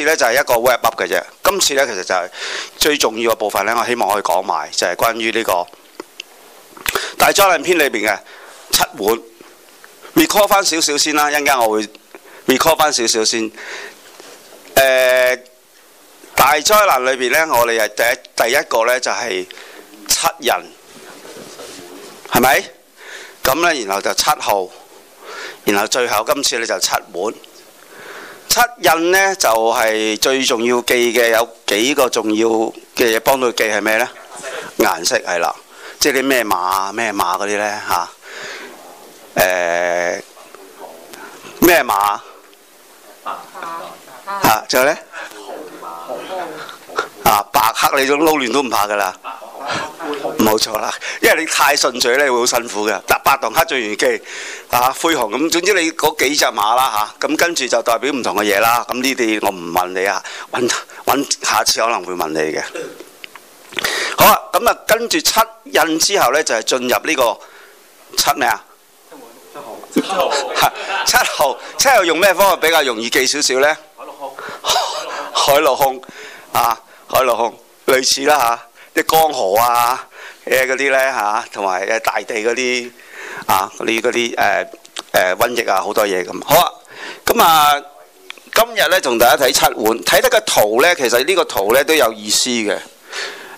次咧就係一個 web up 嘅啫。今次咧其實就係最重要嘅部分咧，我希望可以講埋就係、是、關於呢個大災難篇裏邊嘅七碗 recall 翻少少先啦。一陣間我會 recall 翻少少先。誒、呃、大災難裏邊咧，我哋係第一第一個咧就係、是、七人，係咪？咁咧，然後就七號，然後最後今次咧就七碗。七印呢就係、是、最重要記嘅有幾個重要嘅嘢幫佢記係咩呢？顏色係啦，即係啲咩馬咩馬嗰啲呢？吓，誒咩馬啊？啊，仲有呢？啊啊啊白黑，你都撈亂都唔怕噶啦，冇錯啦，因為你太順嘴咧會好辛苦噶。嗱，白同黑最易記，啊，灰紅咁，總之你嗰幾隻馬啦吓，咁跟住就代表唔同嘅嘢啦。咁呢啲我唔問你啊，搵下次可能會問你嘅。好啦，咁啊，跟住七印之後呢，就係、是、進入呢、這個七咩啊？七號，七號，七號，用咩方法比較容易記少少呢？海陸空。海陸空，啊！海浪類似啦嚇，啲、啊、江河啊，誒嗰啲咧嚇，同埋誒大地嗰啲啊，嗰啲嗰啲誒誒瘟疫啊，好多嘢咁。好啊，咁啊，今日咧同大家睇七碗，睇得個圖咧，其實呢個圖咧都有意思嘅。誒、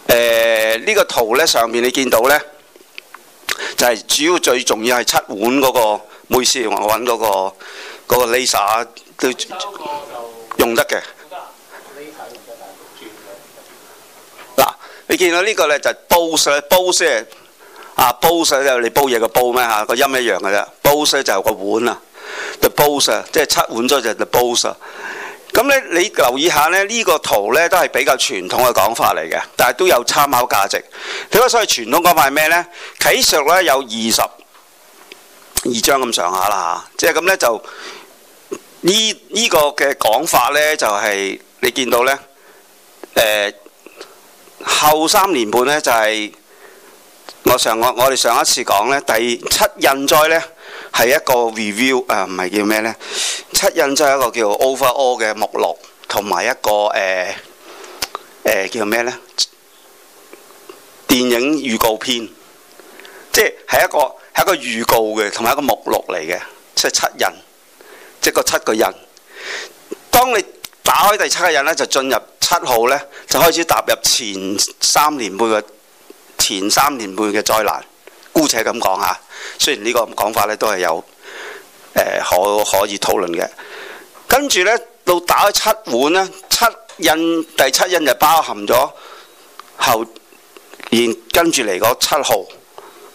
呃、呢、這個圖咧上邊你見到咧，就係、是、主要最重要係七碗嗰、那個，唔好意思，我揾嗰個嗰個 laser 都用得嘅。你見到呢個呢，就係煲水，煲水啊，煲水即係你煲嘢個煲咩吓？個、啊、音一樣嘅啫，煲水就個碗啊，the bowl 啊，即係七碗咗就 the bowl 啊。咁呢，你留意下呢，呢、這個圖呢，都係比較傳統嘅講法嚟嘅，但係都有參考價值。點解所謂傳統講法係咩呢？啟示呢，有二十二張咁上下啦吓，即係咁呢，就呢呢、這個嘅講法呢，就係、是、你見到呢。誒、呃。後三年半呢，就係、是、我上我我哋上一次講呢第七印災呢，係一個 review 啊，唔係叫咩呢？七印災一個叫 overall 嘅目錄同埋一個誒、呃呃、叫咩呢？電影預告片，即係係一個係一個預告嘅，同埋一個目錄嚟嘅，即係七印，即個七個人。當你打開第七個印咧，就進入七號咧，就開始踏入前三年半嘅前三年半嘅災難，姑且咁講吓。雖然個呢個講法咧都係有誒、呃、可以可以討論嘅。跟住咧到打開七碗咧，七印第七印就包含咗後，然跟住嚟嗰七號。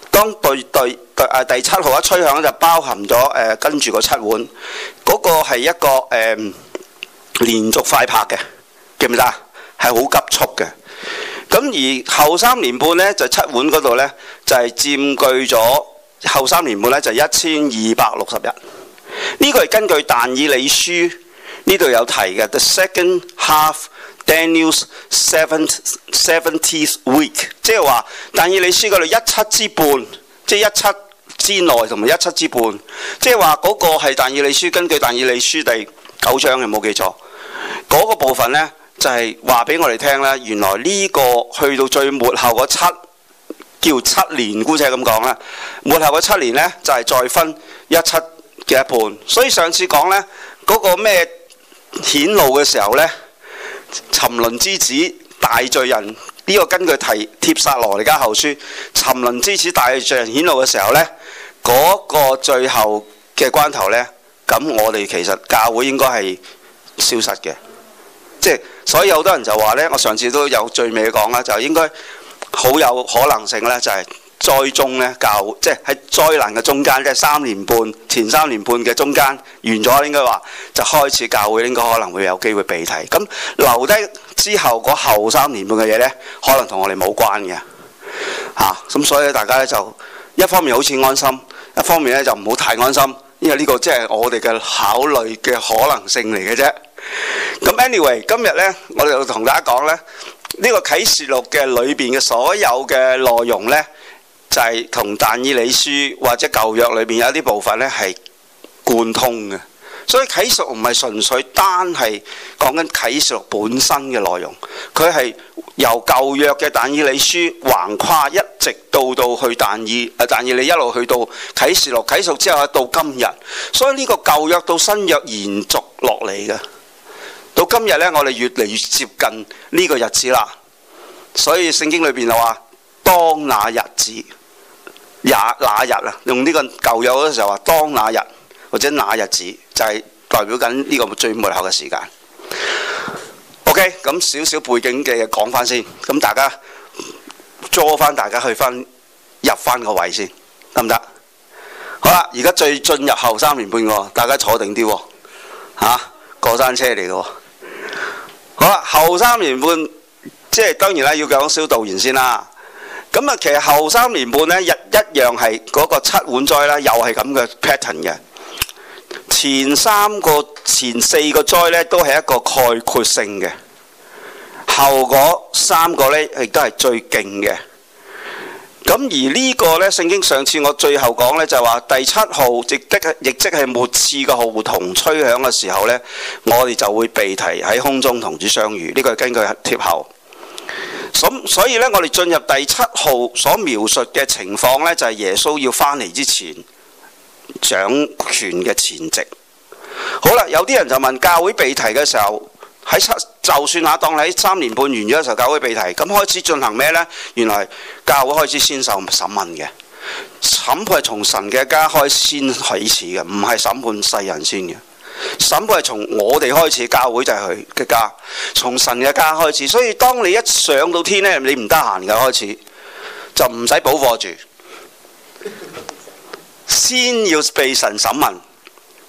當對對誒第七號一吹響，就包含咗誒、呃、跟住個七碗，嗰、嗰個係一個誒。呃連續快拍嘅記唔記得？係好急速嘅。咁而後三年半呢，就七碗嗰度呢，就係、是、佔據咗後三年半呢，就是、一千二百六十日。呢、這個係根據但以理書呢度有提嘅。The second half Daniel's seventh seventieth week，即係話但以理書嗰度一七之半，即係一七之內同埋一七之半，即係話嗰個係但以理書根據但以理書第九章你冇記錯。嗰個部分呢，就係話俾我哋聽咧，原來呢、這個去到最末後嗰七叫七年，姑且咁講啦。末後嘅七年呢，就係、是、再分一七嘅一半。所以上次講呢，嗰、那個咩顯露嘅時候呢，沉淪之子大罪人呢、這個根據提帖撒羅尼迦後書，沉淪之子大罪人顯露嘅時候呢，嗰、那個最後嘅關頭呢。咁我哋其實教會應該係。消失嘅，即係所以有好多人就話呢，我上次都有最尾講啦，就應該好有可能性呢，就係災中呢，教，即係喺災難嘅中間，即係三年半前三年半嘅中間完咗，應該話就開始教會，應該可能會有機會被提，咁留低之後個後三年半嘅嘢呢，可能同我哋冇關嘅，嚇、啊、咁所以大家呢，就一方面好似安心，一方面呢，就唔好太安心。因為呢個即係我哋嘅考慮嘅可能性嚟嘅啫。咁 anyway，今日呢，我哋就同大家講呢，呢、呢個啟示錄嘅裏邊嘅所有嘅內容呢，就係、係、同但以理書或者舊約裏邊有啲部分呢係貫通嘅。所以啟示錄唔係純粹單係講緊啟示錄本身嘅內容，佢係由舊約嘅但以理書橫跨一直到到去但以啊，但以理一路去到啟示錄，啟示錄之後，到今日。所以呢個舊約到新約延續落嚟嘅到今日呢，我哋越嚟越接近呢個日子啦。所以聖經裏邊話當那日子也那日啊，用呢個舊約嗰時候話當那日或者那日子。就係代表緊呢個最末後嘅時間。OK，咁少少背景嘅嘢講翻先，咁大家坐翻，大家去翻入翻個位先，得唔得？好啦，而家最進入後三年半喎，大家坐定啲喎，嚇、啊、過山車嚟嘅。好啦，後三年半即係當然啦，要講小導言先啦。咁啊，其實後三年半呢，一樣係嗰個七碗災啦，又係咁嘅 pattern 嘅。前三個、前四個災呢，都係一個概括性嘅後果。三個呢，亦都係最勁嘅。咁而呢個呢，聖經上次我最後講呢，就係話第七號直擊、亦即係末次嘅號筒吹響嘅時候呢，我哋就會被提喺空中同主相遇。呢、這個係根據貼後。咁所以呢，我哋進入第七號所描述嘅情況呢，就係、是、耶穌要返嚟之前，掌權嘅前夕，好啦，有啲人就問，教會被提嘅時候，喺七就算那、啊、當喺三年半完咗嘅時候教會被提，咁開始進行咩呢？原來教會開始先受審問嘅，審判係從神嘅家開始先開始嘅，唔係審判世人先。嘅審判係從我哋開始，教會就係佢嘅家，從神嘅家開始。所以當你一上到天呢，你唔得閒嘅開始就唔使補課住。 先要被神審問。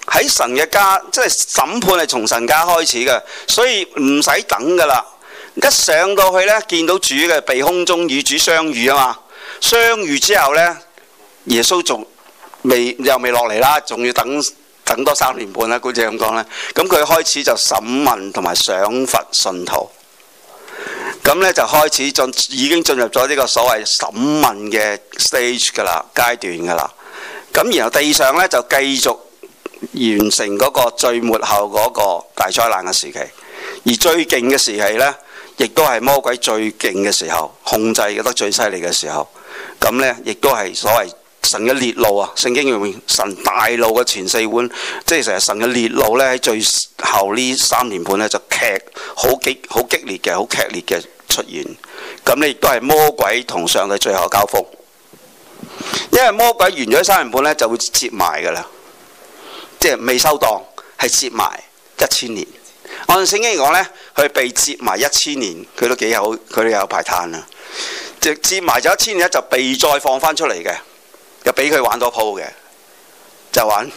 喺神嘅家，即係審判係從神家開始嘅，所以唔使等噶啦。一上到去呢，見到主嘅，被空中與主相遇啊嘛。相遇之後呢，耶穌仲未又未落嚟啦，仲要等等多三年半啦、啊。姑姐咁講呢，咁佢開始就審問同埋賞罰信徒，咁呢，就開始進已經進入咗呢個所謂審問嘅 stage 噶啦，階段噶啦。咁然後地上咧就繼續完成嗰個最末後嗰個大災難嘅時期，而最勁嘅時期呢，亦都係魔鬼最勁嘅時候，控制得最犀利嘅時候。咁呢，亦都係所謂神嘅烈怒啊！聖經用神大怒嘅前四碗，即係成日神嘅烈怒呢。喺最後呢三年半呢，就劇好激好激烈嘅好劇烈嘅出現。咁咧亦都係魔鬼同上帝最後交鋒。因為魔鬼完咗三年半咧，就會接埋噶啦，即係未收檔，係接埋一千年。按聖經講呢，佢被接埋一千年，佢都幾有，佢都有排嘆啦。即接埋咗一千年，就被再放翻出嚟嘅，又俾佢玩多鋪嘅，就玩。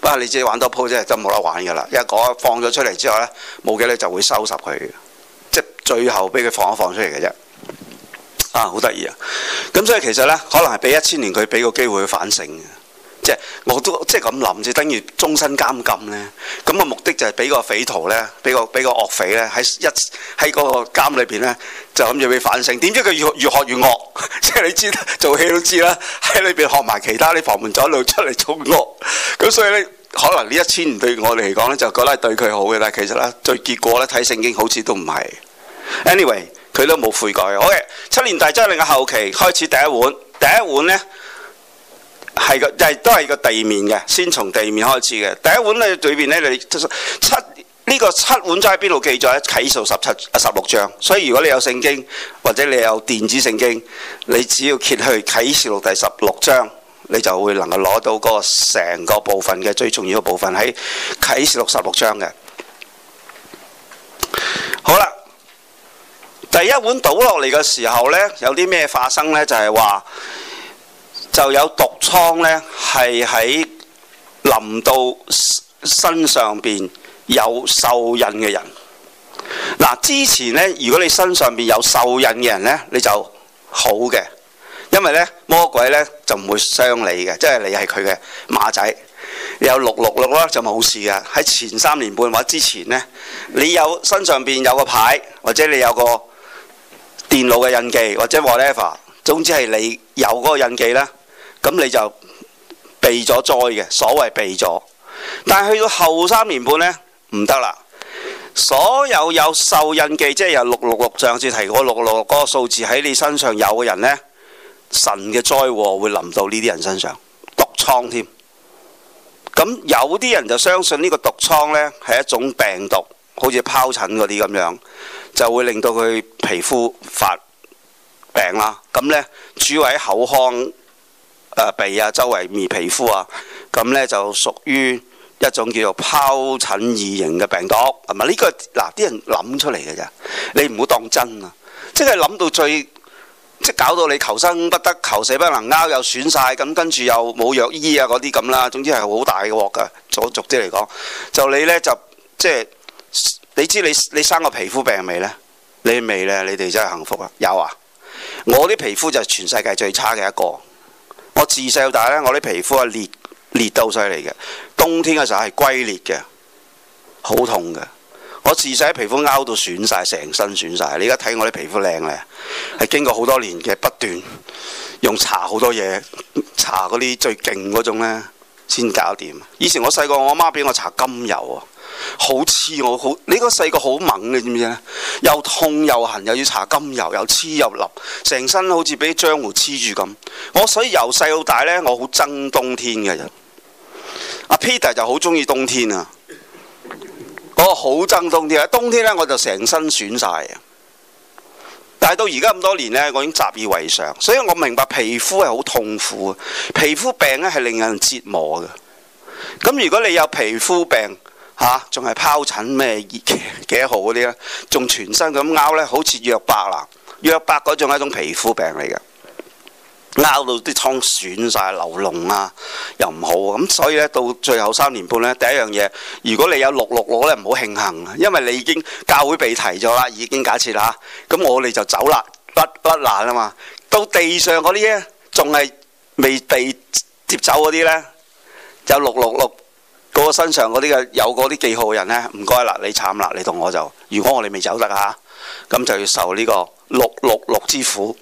不 過你自己玩多鋪啫，都冇得玩噶啦。因為一放咗出嚟之後呢，冇幾耐就會收拾佢，即係最後俾佢放一放出嚟嘅啫。啊，好得意啊！咁所以其實呢，可能係俾一千年佢俾個機會去反省嘅。即係我都即係咁諗，就等於終身監禁呢，咁個目的就係俾個匪徒呢，俾個俾個惡匪呢，喺一喺嗰個監裏邊咧，就諗住去反省。點知佢越越學越惡，即 係你知做戲都知啦，喺裏邊學埋其他啲旁門左道出嚟做惡。咁 所以呢，可能呢一千年對我哋嚟講呢，就覺得係對佢好嘅。但其實呢，最結果呢，睇聖經好似都唔係。Anyway。佢都冇悔改嘅。OK，七年大災難嘅後期開始第一碗，第一碗呢，係個，都係個地面嘅，先從地面開始嘅。第一碗呢，裏面呢，你七呢、呢個七碗喺邊度記載？啟示十七十六章。所以如果你有聖經或者你有電子聖經，你只要揭去啟示錄第十六章，你就會能夠攞到個成個部分嘅最重要嘅部分喺啟示錄十六章嘅。好啦。第一碗倒落嚟嘅時候呢，有啲咩發生呢？就係話就有毒瘡呢，係喺淋到身上邊有獸印嘅人。嗱，之前呢，如果你身上邊有獸印嘅人呢，你就好嘅，因為呢魔鬼呢，就唔會傷你嘅，即係你係佢嘅馬仔。你有六六六啦，就冇事嘅。喺前三年半或之前呢，你有身上邊有個牌，或者你有個。電腦嘅印記，或者 whatever，總之係你有嗰個印記呢，咁你就避咗災嘅。所謂避咗，但係去到後三年半呢，唔得啦。所有有受印記，即係由六六六上次提過六六六嗰個數字喺你身上有嘅人呢，神嘅災禍會臨到呢啲人身上，毒瘡添。咁有啲人就相信呢個毒瘡呢係一種病毒，好似疱疹嗰啲咁樣。就會令到佢皮膚發病啦，咁呢，主要喺口腔、呃、鼻啊周圍面皮膚啊，咁呢就屬於一種叫做疱疹異型嘅病毒，係咪呢個？嗱啲人諗出嚟嘅咋，你唔好當真啊！即係諗到最，即係搞到你求生不得、求死不能，鈎又損晒。咁跟住又冇藥醫啊嗰啲咁啦，總之係好大嘅鑊㗎。咗逐啲嚟講，就你呢，就即係。即你知你你生過皮膚病未呢？你未呢？你哋真係幸福啦！有啊，我啲皮膚就係全世界最差嘅一個。我自細到大呢，我啲皮膚係裂裂到犀利嘅，冬天嘅時候係龜裂嘅，好痛嘅。我自細喺皮膚拗到損晒，成身損晒。你而家睇我啲皮膚靚呢？係經過好多年嘅不斷用搽好多嘢，搽嗰啲最勁嗰種呢，先搞掂。以前我細個，我阿媽俾我搽金油啊。好黐我好，你個細個好猛你知唔知咧？又痛又痕，又要搽金油，又黐又立，成身好似俾啲漿糊黐住咁。我所以由細到大呢，我好憎冬天嘅人。阿 Peter 就好中意冬天啊，我好憎冬天。冬天呢，我就成身損晒。但係到而家咁多年呢，我已經習以為常。所以我明白皮膚係好痛苦，皮膚病咧係令人折磨嘅。咁如果你有皮膚病，嚇，仲係疱疹咩幾多號嗰啲咧？仲全身咁拗呢，好似約伯啊！約伯嗰種係一種皮膚病嚟嘅，拗到啲瘡損晒流膿啊，又唔好咁。所以呢，到最後三年半呢，第一樣嘢，如果你有六六六呢，唔好慶幸啊，因為你已經教會被提咗啦，已經假設啦嚇。咁我哋就走啦，不不難啊嘛。到地上嗰啲呢，仲係未被接走嗰啲呢，有六六六。到身上嗰啲嘅有嗰啲記號嘅人呢，唔該啦，你慘啦，你同我就，如果我哋未走得啊，咁就要受呢個六六六之苦。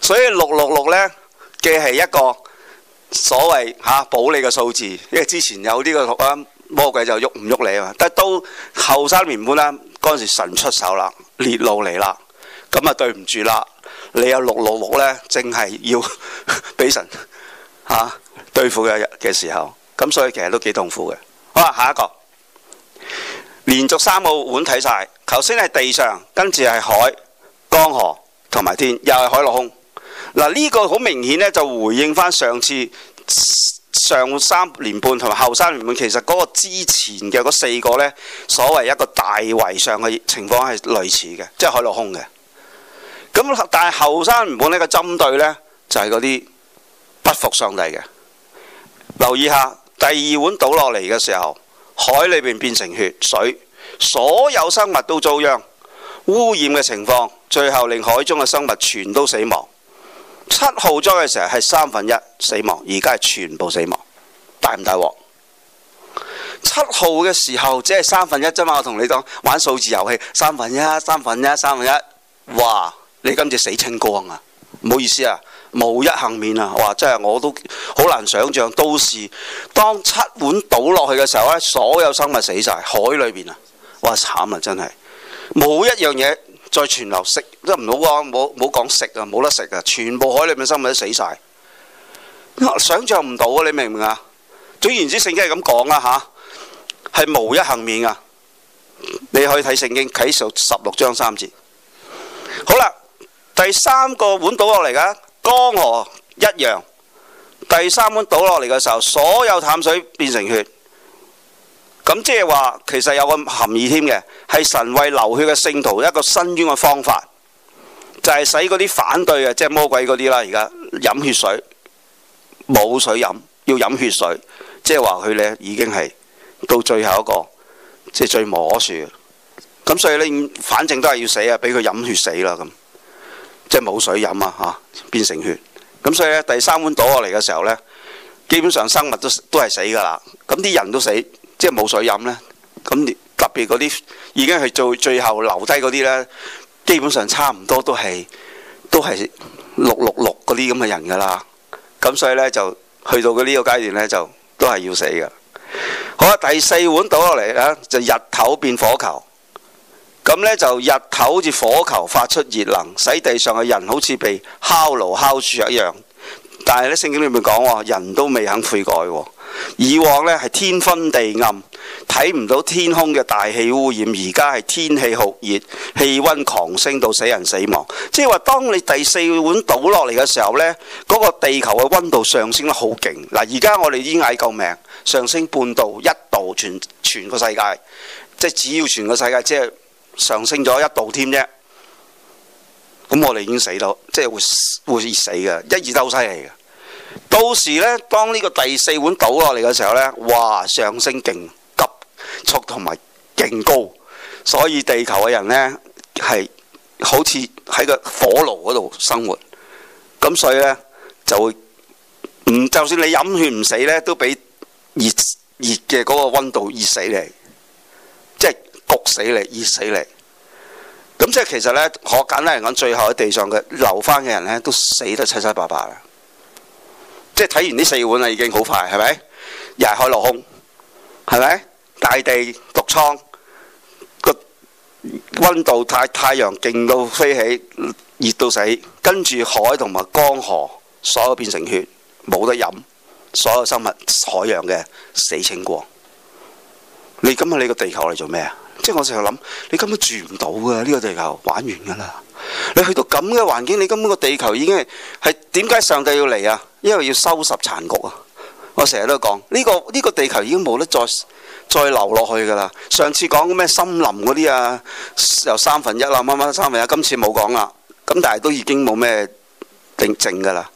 所以六六六呢，嘅係一個所謂嚇、啊、保你嘅數字，因為之前有呢個圖魔鬼就喐唔喐你啊嘛。但到後三年半咧嗰陣時，神出手啦，烈怒嚟啦，咁啊對唔住啦，你有六六六呢，正係要俾 神嚇、啊、對付嘅嘅時候。咁所以其實都幾痛苦嘅。好啊，下一個連續三個碗睇晒。頭先係地上，跟住係海、江河同埋天，又係海陸空。嗱，呢個好明顯咧，就回應返上次上三年半同埋後三年半，其實嗰個之前嘅嗰四個呢，所謂一個大圍上嘅情況係類似嘅，即係海陸空嘅。咁但係後三年半呢個針對呢，就係嗰啲不服上帝嘅。留意下。第二碗倒落嚟嘅時候，海裏邊變成血水，所有生物都遭殃，污染嘅情況，最後令海中嘅生物全都死亡。七號裝嘅時候係三分一死亡，而家係全部死亡，大唔大鑊？七號嘅時候只係三分一啫嘛，我同你講玩數字遊戲，三分一、三分一、三分一，哇！你今次死清光啊，唔好意思啊。無一幸免啊！哇，真係我都好難想象。到時當七碗倒落去嘅時候呢，所有生物死晒海裏邊啊！哇，慘啊，真係冇一樣嘢再全流食都唔好啊！冇冇講食啊，冇得食啊！全部海裏面生物都死晒，想象唔到啊！你明唔明啊？總言之，聖經係咁講啊，吓、啊、係無一幸免啊！你可以睇聖經啟示十六章三節。好啦，第三個碗倒落嚟噶。江河一樣，第三碗倒落嚟嘅時候，所有淡水變成血，咁即係話其實有個含義添嘅，係神為流血嘅聖徒一個伸冤嘅方法，就係、是、使嗰啲反對嘅即係魔鬼嗰啲啦，而家飲血水，冇水飲，要飲血水，即係話佢呢已經係到最後一個，即係最磨樹，咁所以呢，反正都係要死啊，俾佢飲血死啦咁。即係冇水飲啊！嚇，變成血咁，所以咧第三碗倒落嚟嘅時候咧，基本上生物都都係死㗎啦。咁啲人都死，即係冇水飲咧。咁特別嗰啲已經係做最後留低嗰啲咧，基本上差唔多都係都係六六六嗰啲咁嘅人㗎啦。咁所以咧就去到呢個階段咧，就都係要死㗎。好啦，第四碗倒落嚟咧，就日頭變火球。咁咧就日頭好似火球發出熱能，使地上嘅人好似被烤爐烤住一樣。但係咧，聖經裏面講、哦，人都未肯悔改、哦。以往呢，係天昏地暗，睇唔到天空嘅大氣污染。而家係天氣酷熱，氣温狂升到死人死亡。即係話，當你第四碗倒落嚟嘅時候呢，嗰、個地球嘅温度上升得好勁。嗱，而家我哋已經嗌救命，上升半度一度全，全全個世界即係只要全個世界即係。上升咗一度添啫，咁我哋已經死到，即係會會熱死嘅，一熱都犀利嘅。到時呢，當呢個第四碗倒落嚟嘅時候呢，哇！上升勁急速同埋勁高，所以地球嘅人呢，係好似喺個火爐嗰度生活。咁所以呢，就會唔就算你飲血唔死呢，都俾熱熱嘅嗰個温度熱死你。焗死你，熱死你，咁即係其實呢，我簡單嚟講，最後喺地上嘅留翻嘅人呢，都死得七七八八啦。即係睇完呢四碗啦，已經好快，係咪？又係海落空，係咪？大地毒瘡，個溫度太太陽勁到飛起，熱到死。跟住海同埋江河，所有變成血，冇得飲，所有生物海洋嘅死清光。你咁去你個地球嚟做咩啊？即係我成日諗，你根本住唔到嘅呢個地球，玩完㗎啦！你去到咁嘅環境，你根本個地球已經係係點解上帝要嚟啊？因為要收拾殘局啊！我成日都講呢個呢個地球已經冇得再再留落去㗎啦！上次講咩森林嗰啲啊，由三分一啦，啱啱三分一，今次冇講啦，咁但係都已經冇咩定靜㗎啦，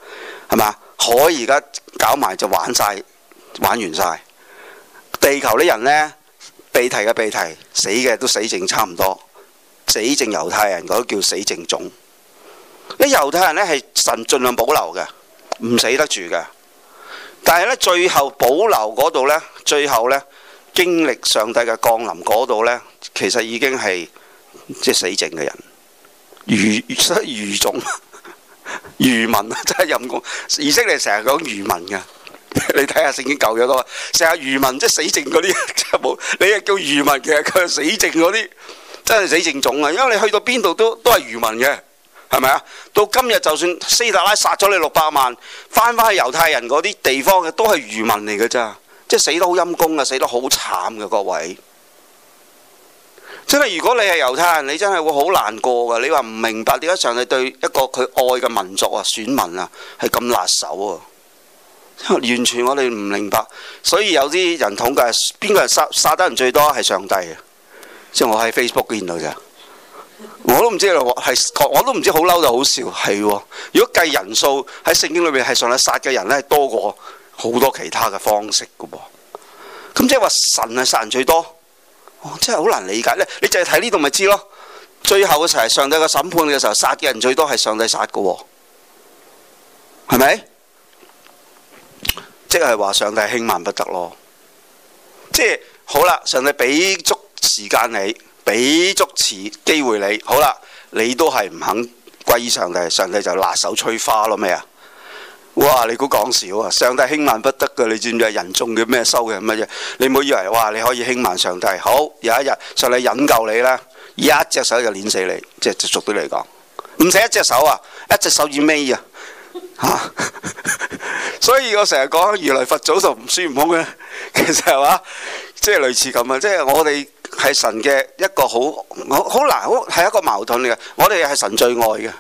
係嘛？海而家搞埋就玩晒，玩完晒地球啲人呢。被提嘅被提，死嘅都死剩差唔多，死剩猶太人嗰啲叫死剩種。啲猶太人呢係神盡量保留嘅，唔死得住嘅。但係呢最後保留嗰度呢，最後呢經歷上帝嘅降臨嗰度呢，其實已經係即係死剩嘅人，餘剩餘種，餘民真係任我以色列成日講餘民嘅。 你睇下聖經舊約嗰啲，成日漁民，即死剩嗰啲，即 冇你係叫漁民，其實佢死剩嗰啲真係死剩種啊！因為你去到邊度都都係漁民嘅，係咪啊？到今日就算希特拉殺咗你六百萬，翻返去猶太人嗰啲地方嘅都係漁民嚟嘅咋，即死得好陰功啊，死得好慘嘅各位。真係如果你係猶太人，你真係會好難過噶。你話唔明白點解上帝對一個佢愛嘅民族啊、選民啊係咁辣手啊？完全我哋唔明白，所以有啲人統計係邊個人殺殺得人最多係上帝嘅，即係我喺 Facebook 見到咋，我都唔知係我，我都唔知好嬲就好笑，係如果計人數喺聖經裏面係上帝殺嘅人咧多過好多其他嘅方式噶噃，咁即係話神係殺人最多，我、哦、真係好難理解咧。你淨係睇呢度咪知咯？最後嘅時候係上帝嘅審判嘅時候殺嘅人最多係上帝殺嘅，係咪？即係話上帝輕慢不得咯，即係好啦，上帝俾足時間你，俾足次機會你，好啦，你都係唔肯歸上帝，上帝就辣手摧花咯咩啊？哇！你估講笑啊？上帝輕慢不得噶，你知唔知啊？人中嘅咩收嘅乜嘢？你唔好以為哇，你可以輕慢上帝。好有一日，上帝引咎你啦，一隻手就碾死你，即係俗啲嚟講，唔使一隻手啊，一隻手指尾啊？吓、啊！ 所以我成日講如來佛祖同孫悟空嘅。其實係話，即係類似咁啊！即係我哋係神嘅一個好，好難，好係一個矛盾嚟嘅。我哋係神最愛嘅，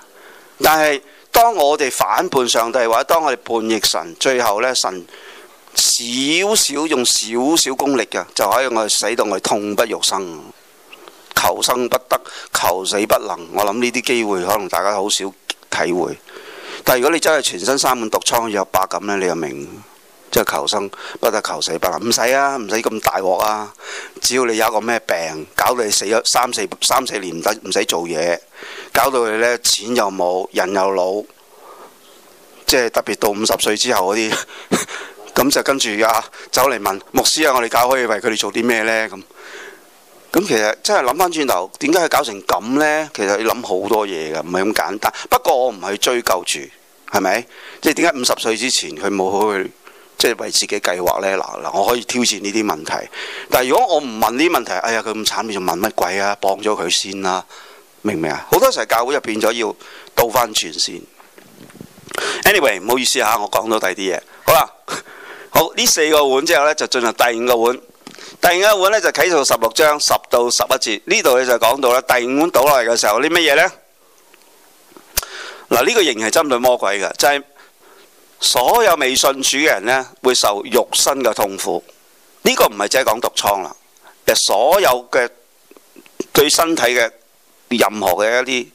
但係當我哋反叛上帝，或者當我哋叛逆神，最後呢，神少少用少少功力嘅，就可以我哋使到我哋痛不欲生，求生不得，求死不能。我諗呢啲機會可能大家好少體會。但如果你真係全身三滿毒瘡要有百咁呢，你又明，即係求生不得求死不能唔使啊，唔使咁大鑊啊！只要你有一個咩病，搞到你死咗三四三四年唔得，唔使做嘢，搞到你呢，錢又冇，人又老，即係特別到五十歲之後嗰啲，咁就跟住啊走嚟問牧師啊，我哋搞可以為佢哋做啲咩呢？咁？咁其實真係諗翻轉頭，點解佢搞成咁呢？其實要諗好多嘢嘅，唔係咁簡單。不過我唔係追究住，係咪？即係點解五十歲之前，佢冇去，即係、就是、為自己計劃呢？嗱嗱，我可以挑戰呢啲問題。但係如果我唔問呢啲問題，哎呀，佢咁慘，你仲問乜鬼啊？幫咗佢先啦，啊，明唔明啊？好多時候教會入邊變咗要倒翻轉先。Anyway，唔好意思吓，我講到第二啲嘢。好啦，好，呢四個碗之後呢，就進入第五個碗。第五碗咧就啟示錄十六章十到十一節，呢度你就講到啦，第五碗倒落嚟嘅時候啲乜嘢呢？嗱、這、呢個仍然係針對魔鬼嘅，就係、是、所有未信主嘅人呢，會受肉身嘅痛苦呢，這個唔係只係講毒瘡啦，誒，所有嘅對身體嘅任何嘅一啲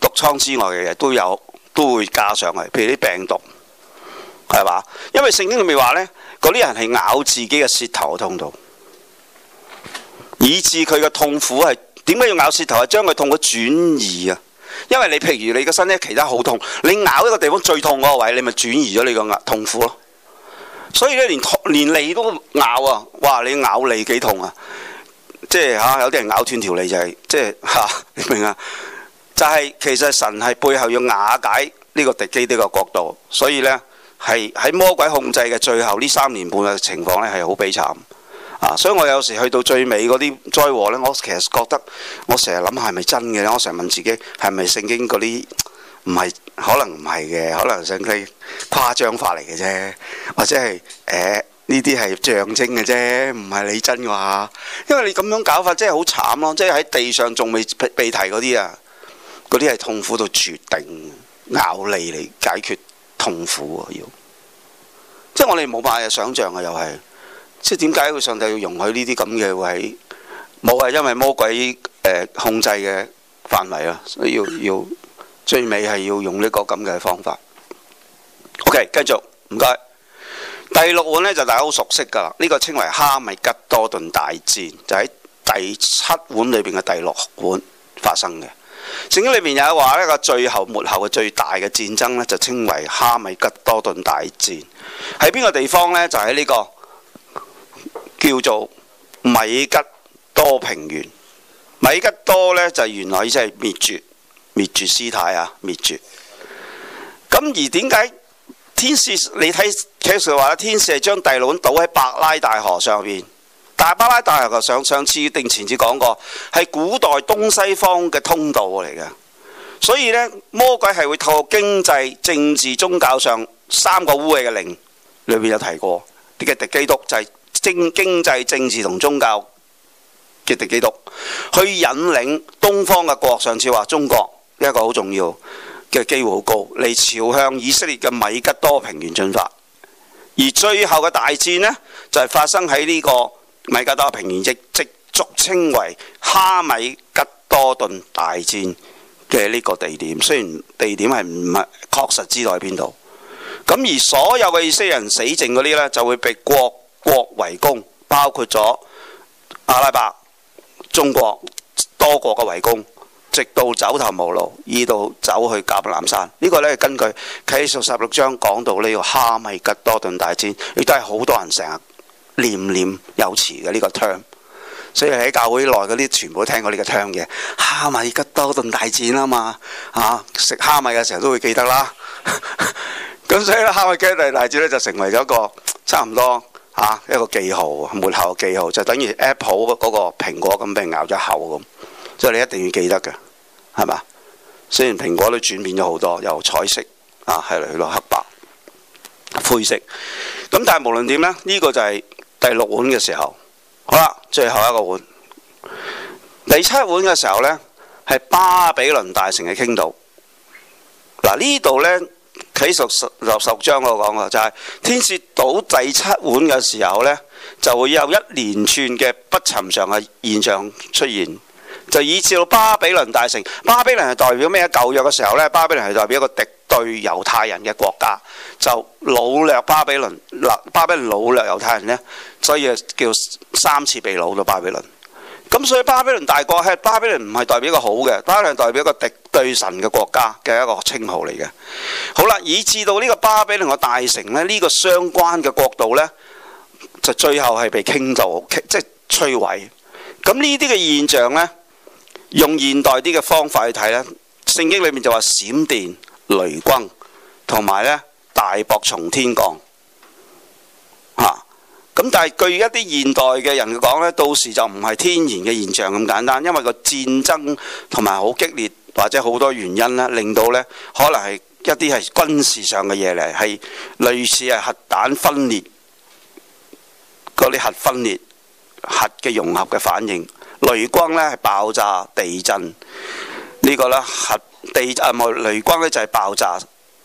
毒瘡之外嘅嘢都有都會加上去，譬如啲病毒係嘛，因為聖經裏面話呢，嗰啲人係咬自己嘅舌頭痛到。以致佢嘅痛苦係點解要咬舌頭？係將佢痛苦轉移啊！因為你譬如你個身咧其他好痛，你咬一個地方最痛嗰個位，你咪轉移咗你個牙痛苦咯。所以咧，連連脷都咬啊！哇，你咬你幾痛啊！即係吓、啊，有啲人咬斷條脷就係即係吓，你明啊？就係、是、其實神係背後要瓦解呢個敵機呢個角度，所以呢，係喺魔鬼控制嘅最後呢三年半嘅情況呢，係好悲慘。啊！所以我有時去到最尾嗰啲災禍呢，我其實覺得我成日諗，係咪真嘅？我成日問自己係咪聖經嗰啲，唔係可能唔係嘅，可能聖經誇張化嚟嘅啫，或者係誒呢啲係象徵嘅啫，唔係你真嘅話、啊。因為你咁樣搞法真係好慘咯、啊，即係喺地上仲未被提嗰啲啊，嗰啲係痛苦到絕頂咬脷嚟解決痛苦喎、啊，要即係我哋冇辦法想象嘅、啊、又係。即係點解個上帝要容許呢啲咁嘅位冇啊？因為魔鬼誒、呃、控制嘅範圍啦，所以要要最尾係要用呢個咁嘅方法。OK，繼續唔該。第六碗呢就大家好熟悉㗎啦。呢、這個稱為哈米吉多頓大戰，就喺第七碗裏邊嘅第六碗發生嘅。聖經裏面有話呢個最後末後嘅最大嘅戰爭呢，就稱為哈米吉多頓大戰。喺邊個地方呢？就喺、是、呢、這個。叫做米吉多平原，米吉多呢，就原來即係滅絕滅絕屍體啊，滅絕。咁而點解天使？你睇其實話天使係將地龍倒喺伯拉大河上面。但係巴拉大河，上上次定前次講過係古代東西方嘅通道嚟嘅，所以呢，魔鬼係會透過經濟、政治、宗教上三個污穢嘅靈裏面有提過啲嘅敵基督就係、是。政經濟、政治同宗教嘅敵基督，去引領東方嘅國。上次話中國一個好重要嘅機會好高，嚟朝向以色列嘅米吉多平原進發。而最後嘅大戰呢，就係、是、發生喺呢個米吉多平原，亦即俗稱為哈米吉多頓大戰嘅呢個地點。雖然地點係唔係確實知道喺邊度。咁而所有嘅以色列人死剩嗰啲呢，就會被國，國圍攻，包括咗阿拉伯、中國多國嘅圍攻，直到走投無路，依度走去橄欖山。呢、這個呢，根據啟示十六章講到呢、這個哈米吉多頓大戰，亦都係好多人成日念念有詞嘅呢個 term。所以喺教會內嗰啲全部都聽過呢個 term 嘅哈米吉多頓大戰啦嘛，吓、啊、食哈米嘅時候都會記得啦。咁 所以呢，哈米吉多頓大戰呢，就成為咗一個差唔多。啊，一個記號，門口嘅記號就等於 Apple 嗰個蘋果咁俾人咬咗口咁，即係你一定要記得嘅，係嘛？雖然蘋果都轉變咗好多，由彩色啊係嚟去到黑白、灰色，咁但係無論點呢，呢個就係第六碗嘅時候。好啦，最後一個碗，第七碗嘅時候呢，係巴比倫大城嘅傾倒。嗱，呢度呢。啟示錄十六章我講嘅就係、是、天使倒第七碗嘅時候呢，就會有一連串嘅不尋常嘅現象出現。就以至到巴比倫大城，巴比倫係代表咩啊？舊約嘅時候呢，巴比倫係代表一個敵對猶太人嘅國家。就擄掠巴比倫嗱，巴比倫擄掠猶太人呢，所以就叫三次被擄到巴比倫。咁所以巴比倫大國，係巴比倫，唔係代表一個好嘅，巴比倫代表一個敵對神嘅國家嘅一個稱號嚟嘅。好啦，以至到呢個巴比倫個大城咧，呢個相關嘅國度咧，就最後係被傾到即係摧毀。咁呢啲嘅現象咧，用現代啲嘅方法去睇咧，聖經裏面就話閃電、雷轟，同埋咧大雹從天降。咁但係據一啲現代嘅人講呢，到時就唔係天然嘅現象咁簡單，因為個戰爭同埋好激烈，或者好多原因呢，令到呢可能係一啲係軍事上嘅嘢嚟，係類似係核彈分裂嗰啲核分裂、核嘅融合嘅反應，雷光呢係爆炸地震，呢個呢核地啊冇雷光呢就係爆炸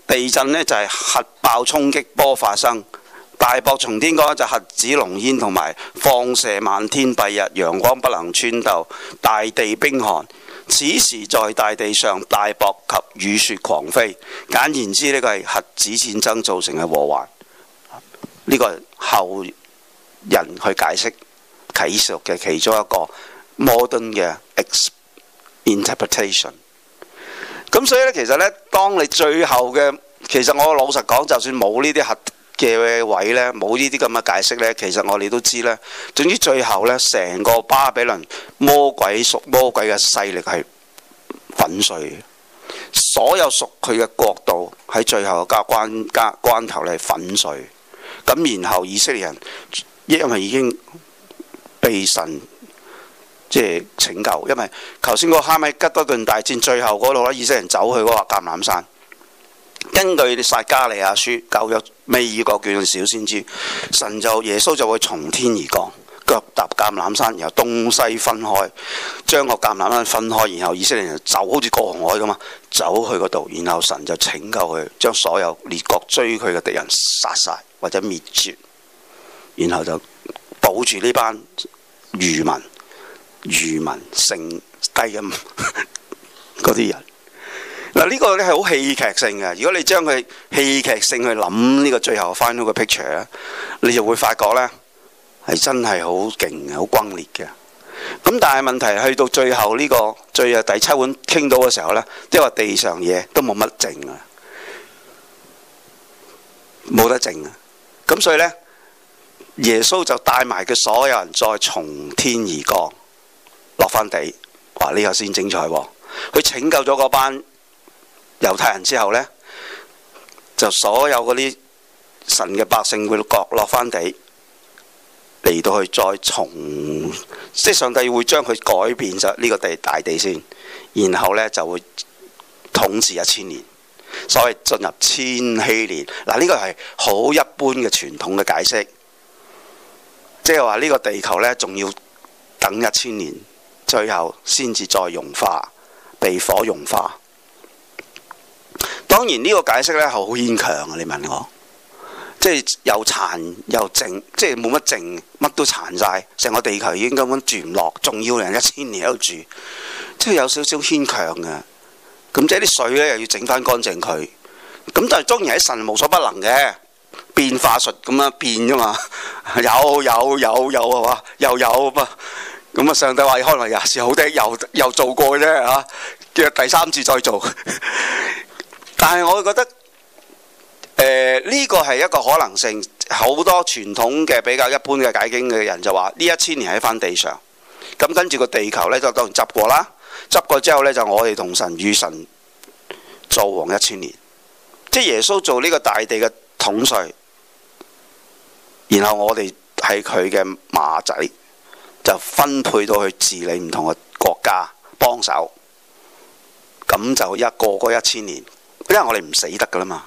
地震，呢就係核爆衝擊波發生。大雹，從天降，就核子濃煙同埋放射，漫天蔽日，陽光不能穿透，大地冰寒，此時在大地上大雹及雨雪狂飛。簡言之，呢個係核子戰爭造成嘅禍患。呢個係後人去解釋啟示嘅其中一個 modern 嘅 interpretation。咁 interpret 所以呢，其實呢，當你最後嘅，其實我老實講，就算冇呢啲核。嘅位咧，冇呢啲咁嘅解釋咧，其實我哋都知咧。總之最後咧，成個巴比倫魔鬼屬魔鬼嘅勢力係粉碎，所有屬佢嘅國度喺最後嘅關關關頭咧粉碎。咁然後以色列人，因為已經被神即係拯救，因為頭先個哈米吉多頓大戰最後嗰度咧，以色列人走去個個橄欖山。根據撒加利亞書舊約末二國卷小先知，神就耶穌就會從天而降，腳踏橄欖山，然後東西分開，將個橄欖山分開，然後以色列人就好似過紅海咁啊，走去嗰度，然後神就拯救佢，將所有列國追佢嘅敵人殺晒，或者滅絕，然後就保住呢班漁民、漁民剩低嘅嗰啲人。嗱，呢個咧係好戲劇性嘅。如果你將佢戲劇性去諗呢個最後 final picture 你就會發覺呢係真係好勁好轟烈嘅。咁但係問題去到最後呢、這個最後第七碗傾到嘅時候呢，即係話地上嘢都冇乜剩啊，冇得剩啊。咁所以呢，耶穌就帶埋佢所有人再從天而降落翻地，話呢、這個先精彩喎、啊。佢拯救咗嗰班。猶太人之後呢，就所有嗰啲神嘅百姓會降落翻地，嚟到去再從，即上帝會將佢改變咗呢個地大地先，然後呢就會統治一千年，所謂進入千禧年。嗱，呢個係好一般嘅傳統嘅解釋，即係話呢個地球呢，仲要等一千年，最後先至再融化，被火融化。當然呢個解釋呢係好牽強啊！你問我，即係又殘又靜，即係冇乜靜，乜都殘晒，成個地球已經根本住唔落，仲要人一千年喺度住，即係有少少牽強啊！咁即係啲水呢又要整翻乾淨佢，咁但係當然喺神無所不能嘅變化術咁樣變啫嘛！有有有有係嘛？又有噉啊！咁啊上帝話可能又時候好啲，又又做過嘅啫啊！約第三次再做。 但係，我覺得誒呢、呃呢個係一個可能性。好多傳統嘅比較一般嘅解經嘅人就話：呢一千年喺翻地上咁，跟住個地球呢就當然執過啦。執過之後呢，就我哋同神與神做王一千年，即係耶穌做呢個大地嘅統帥，然後我哋係佢嘅馬仔，就分配到去治理唔同嘅國家，幫手咁就一個嗰一千年。因為我哋唔死得噶啦嘛，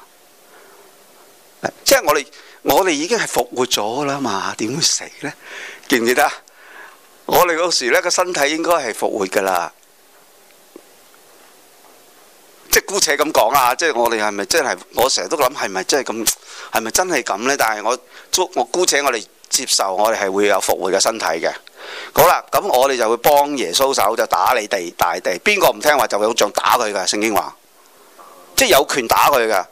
即係我哋，我哋已經係復活咗啦嘛，點會死呢？記唔記得？我哋嗰時呢個身體應該係復活噶啦，即係姑且咁講啊！即係我哋係咪真係？我成日都諗係咪真係咁？係咪真係咁呢？但係我，我姑且我哋接受，我哋係會有復活嘅身體嘅。好啦，咁我哋就會幫耶穌手，就打你哋，大地。邊個唔聽話就用杖打佢噶？聖經話。即係有權打佢嘅，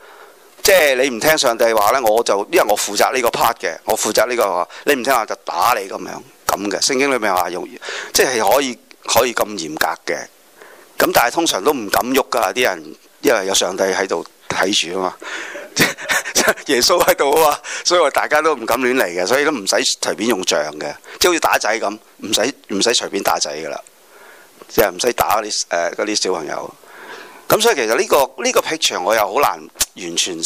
即係你唔聽上帝話咧，我就因為我負責呢個 part 嘅，我負責呢個，你唔聽話就打你咁樣咁嘅。聖經裏面話用，即係可以可以咁嚴格嘅。咁但係通常都唔敢喐噶啲人，因為有上帝喺度睇住啊嘛， 耶穌喺度啊嘛，所以大家都唔敢亂嚟嘅，所以都唔使隨便用杖嘅，即係好似打仔咁，唔使唔使隨便打仔噶啦，即係唔使打啲誒嗰啲小朋友。咁所以其實呢、呢個呢、呢個 picture 我又好難完全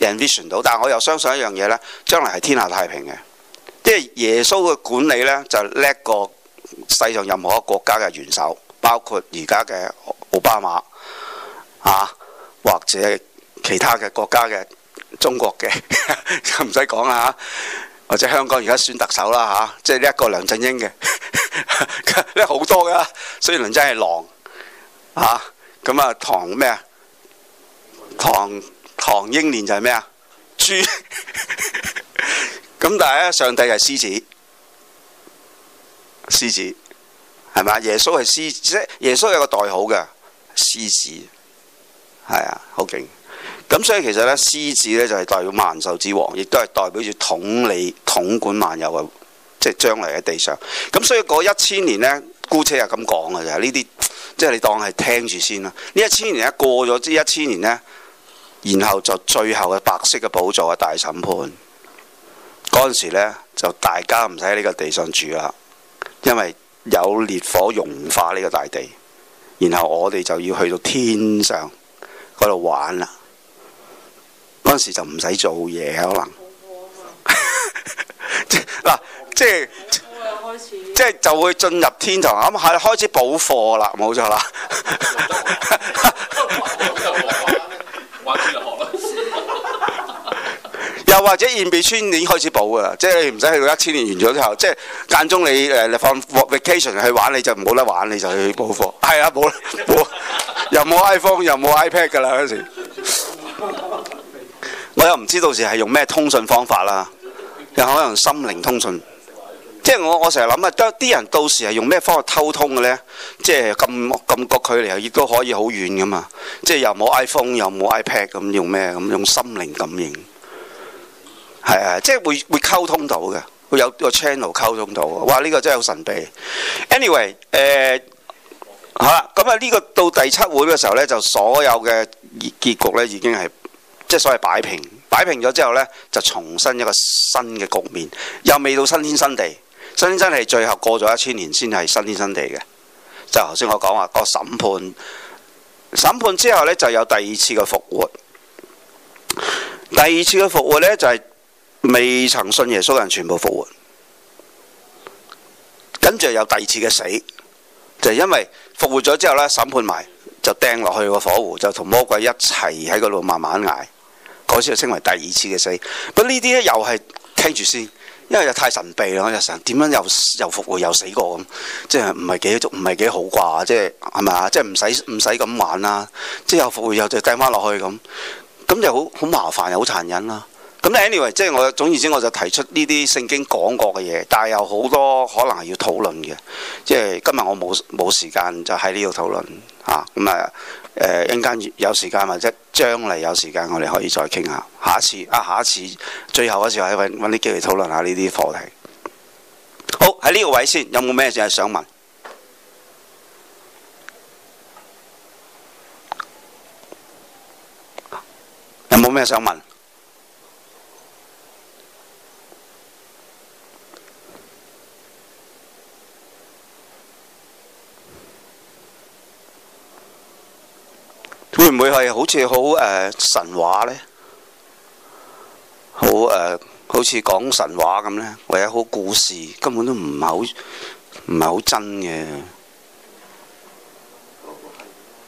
envision 到，但我又相信一樣嘢呢，將來係天下太平嘅。即係耶穌嘅管理呢，就叻過世上任何一個國家嘅元首，包括而家嘅奧巴馬啊，或者其他嘅國家嘅中國嘅，唔使講啦或者香港而家選特首啦嚇、啊，即係叻過梁振英嘅，叻 好多噶，所以梁振英係狼啊！咁啊，唐咩啊？唐唐英年就係咩啊？豬。咁 但係咧，上帝係獅子，獅子係咪？耶穌係獅子，即係耶穌有個代號嘅獅子，係啊，好勁。咁所以其實咧，獅子咧就係、是、代表萬獸之王，亦都係代表住統理、統管萬有嘅，即係將來喺地上。咁所以嗰一千年咧，姑且係咁講嘅就係呢啲。即係你當係聽住先啦。呢一千年啊過咗，呢一千年呢，然後就最後嘅白色嘅寶座嘅大審判嗰陣時咧，就大家唔使喺呢個地上住啦，因為有烈火融化呢個大地，然後我哋就要去到天上嗰度玩啦。嗰陣時就唔使做嘢可能。嗱， 即係。 即係就會進入天堂，咁係開始補課啦，冇錯啦。又或者燕尾村已經開始補噶啦，即係你唔使去到一千年完咗之後，即係間中你誒放 vacation 去玩你就冇得玩，你就去補課。係啊，冇冇又冇 iPhone 又冇 iPad 噶啦嗰時。 我又唔知到時係用咩通訊方法啦，又可能心靈通訊。即係我我成日諗啊，當啲人到時係用咩方法溝通嘅呢？即係咁咁隔距離又亦都可以好遠噶嘛？即係又冇 iPhone 又冇 iPad 咁用咩？咁用心靈感應係啊！即係會會溝通到嘅，會有個 channel 溝通到。哇！呢、這個真係好神秘。Anyway，誒、呃、好啦，咁啊呢個到第七會嘅時候呢，就所有嘅結局呢已經係即係所謂擺平，擺平咗之後呢，就重新一個新嘅局面，又未到新天新地。新天新地，最後過咗一千年先係新天新地嘅。就頭先我講話個審判，審判之後呢就有第二次嘅復活。第二次嘅復活呢，就係、是、未曾信耶穌嘅人全部復活，跟住有第二次嘅死，就係、是、因為復活咗之後呢，審判埋，就掟落去個火湖，就同魔鬼一齊喺嗰度慢慢捱。嗰啲就稱為第二次嘅死。不過呢啲呢，又係聽住先。因為又太神秘啦，又成日點樣又又復活又死過咁，即係唔係幾唔係幾好啩？即係係咪啊？即係唔使唔使咁玩啦，即係又復活又就掟翻落去咁，咁就好好麻煩又好殘忍啦。咁，anyway，即係我總言之我，我就提出呢啲聖經講過嘅嘢，但係有好多可能係要討論嘅，即係今日我冇冇時間就喺呢度討論吓咁啊。誒，陣間、呃、有時間或者將嚟有時間，我哋可以再傾下。下一次啊，下一次最後嗰時候，揾揾啲機會討論下呢啲課題。好，喺呢個位先，有冇咩嘢想問？有冇咩想問？佢係好似好誒神話呢，好誒、呃，好似講神話咁呢，或者好故事，根本都唔係好唔係好真嘅。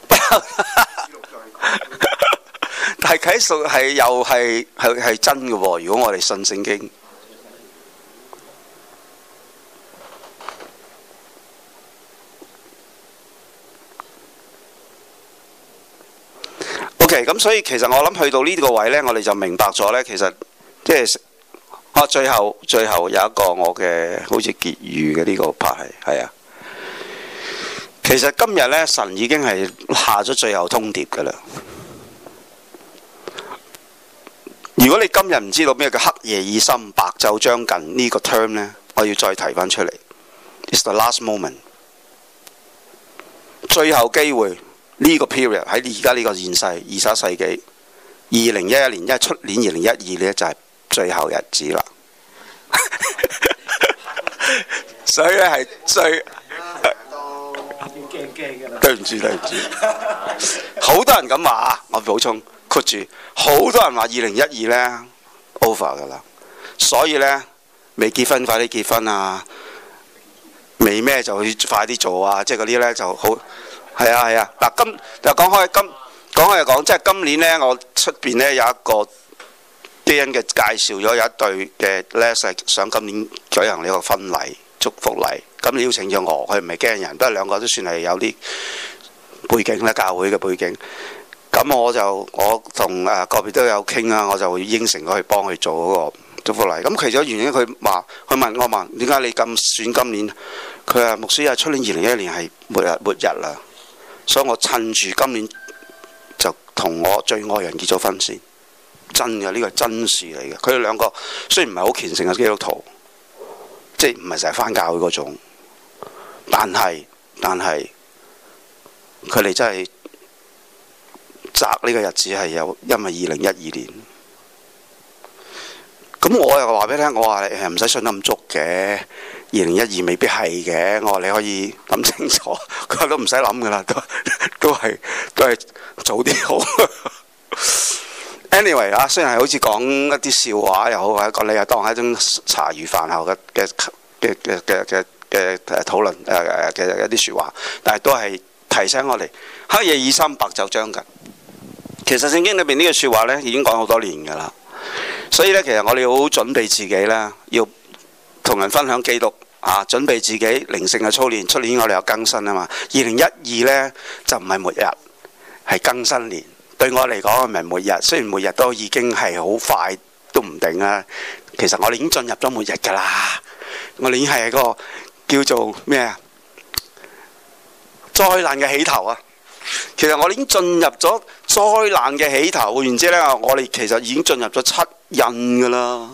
但係啟示係又係係係真嘅，啊，如果我哋信聖經。咁、okay, 所以其，其實我諗去到呢個位呢，我哋就明白咗呢。其實即係啊，最後最後有一個我嘅好似結語嘅呢個拍戲，係啊。其實今日呢，神已經係下咗最後通牒㗎喇。如果你今日唔知道咩叫黑夜已深，白晝將近呢個 term 咧，我要再提翻出嚟，It's the last moment，最後機會。呢個 period 喺而家呢個現世二十一世紀二零一一年，即係出年二零一二呢，就係、是、最後日子啦。 所以係是最 要驚驚 對唔住對唔住，好 多人咁話，我補充括住，好多人話二零一二呢 over 噶啦，所以呢，未結婚快啲結婚啊，未咩就要快啲做啊，即係嗰啲呢就好。係啊，係啊。嗱，今就講開今講開嚟講，即係今年呢，我出邊呢有一個驚嘅介紹咗有一對嘅 l e s 咧，想今年舉行呢個婚禮祝福禮，咁邀請咗我，佢唔係驚人，不過兩個都算係有啲背景咧，教會嘅背景。咁我就我同誒個別都有傾啊，我就應承咗去幫佢做嗰個祝福禮。咁其中原因，佢話佢問我問點解你咁選今年？佢話牧師又出年二零一一年係末日末日啦。所以我趁住今年就同我最愛人結咗婚先，真嘅呢個真事嚟嘅。佢哋兩個雖然唔係好虔誠嘅基督徒，即係唔係成日返教會嗰種，但係但係佢哋真係擇呢個日子係有，因為二零一二年。咁我又話俾你聽，我話誒唔使信咁足嘅。二零一二未必係嘅，我話你可以諗清楚， 都唔使諗噶啦，都都係都係早啲好。 Anyway 啊，雖然係好似講一啲笑話又好，或者講你係當係一種茶餘飯後嘅嘅嘅嘅嘅嘅討論誒嘅、呃、一啲說話，但係都係提醒我哋黑夜已深，白晝將近。其實聖經裏邊呢句說話呢，已經講好多年噶啦。所以呢，其實我哋要好準備自己咧要。同人分享記錄，啊，準備自己靈性嘅操練。出年我哋有更新啊嘛。二零一二呢就唔係末日，係更新年。對我嚟講唔係末日，雖然末日都已經係好快都唔定啦。其實我哋已經進入咗末日㗎啦。我哋已經係、嗰個叫做咩啊？災難嘅起頭啊！其實我哋已經進入咗災難嘅起頭。然之後呢，我哋其實已經進入咗七印㗎啦。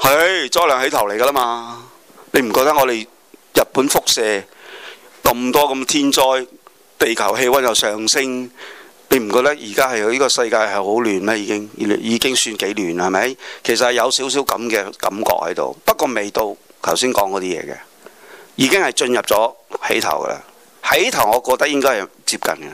係災、hey, 量起頭嚟噶啦嘛？你唔覺得我哋日本輻射咁多咁天災，地球氣溫又上升，你唔覺得而家係呢個世界係好亂咩？已經已經算幾亂啦，係咪？其實有少少咁嘅感覺喺度，不過未到頭先講嗰啲嘢嘅，已經係進入咗起頭噶啦。起頭我覺得應該係接近嘅，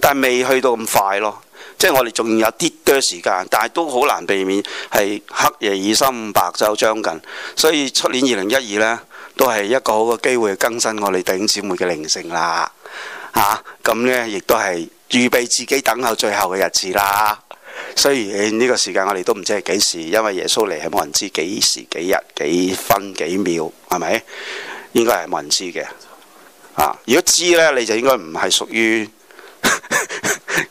但係未去到咁快咯。即係我哋仲有啲多時間，但係都好難避免係黑夜已深，白晝將近。所以出年二零一二呢，都係一個好嘅機會，更新我哋弟兄姊妹嘅靈性啦。嚇、啊、咁呢，亦都係預備自己等候最後嘅日子啦、啊。雖然呢個時間我哋都唔知係幾時，因為耶穌嚟係冇人知幾時、幾日、幾分、幾秒，係咪？應該係冇人知嘅。啊，如果知呢，你就應該唔係屬於。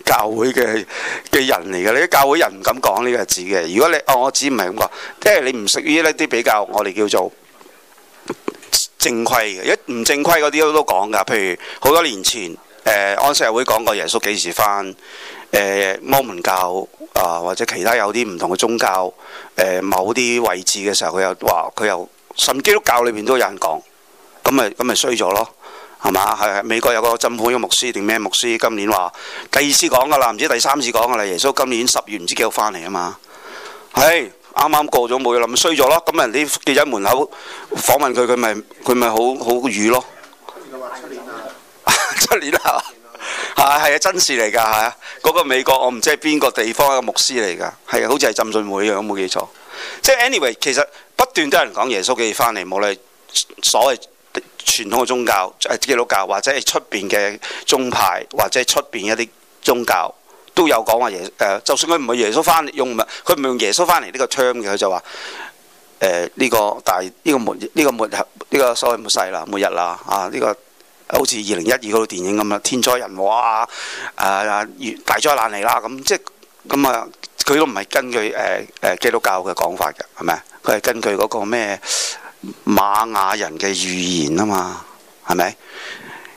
教會嘅嘅人嚟嘅，你啲教會人唔敢講呢個字嘅。如果你哦，我指唔係咁講，即係你唔屬於呢啲比較我哋叫做正規嘅，一唔正規嗰啲都都講噶。譬如好多年前，誒、呃、安息日會講過耶穌幾時翻、誒、呃、摩門教啊、呃，或者其他有啲唔同嘅宗教誒、呃、某啲位置嘅時候，佢又話佢又，甚至基督教裏面都有人講，咁咪咁咪衰咗咯。係嘛？係美國有個浸會嘅牧師定咩牧師？今年話第二次講噶啦，唔知第三次講噶啦。耶穌今年十月唔知幾多翻嚟啊嘛？係啱啱過咗冇，諗衰咗咯。咁人哋記者門口訪問佢，佢咪佢咪好好語咯。七年啊！出年啊！係係啊，真事嚟噶係。嗰個美國我唔知係邊個地方一個牧師嚟噶，係啊，好似係浸信會嘅，如果冇記錯。即係 anyway，其實不斷都有人講耶穌嘅翻嚟，冇理所謂。傳統嘅宗教，誒基督教或者係出邊嘅宗派，或者出邊一啲宗教都有講話耶誒、呃，就算佢唔係耶穌翻嚟用唔係佢唔係用耶穌翻嚟呢個 term 嘅，佢就話誒呢個大呢個末呢、呢個末呢、呢個所謂末世啦、末日啦啊！呢、呢個好似二零一二嗰套電影咁啦，天災人禍啊啊！大災難嚟啦咁，即係咁啊！佢都唔係根據誒誒、呃呃、基督教嘅講法嘅，係咪佢係根據嗰個咩？瑪雅人嘅預言啊嘛，係咪？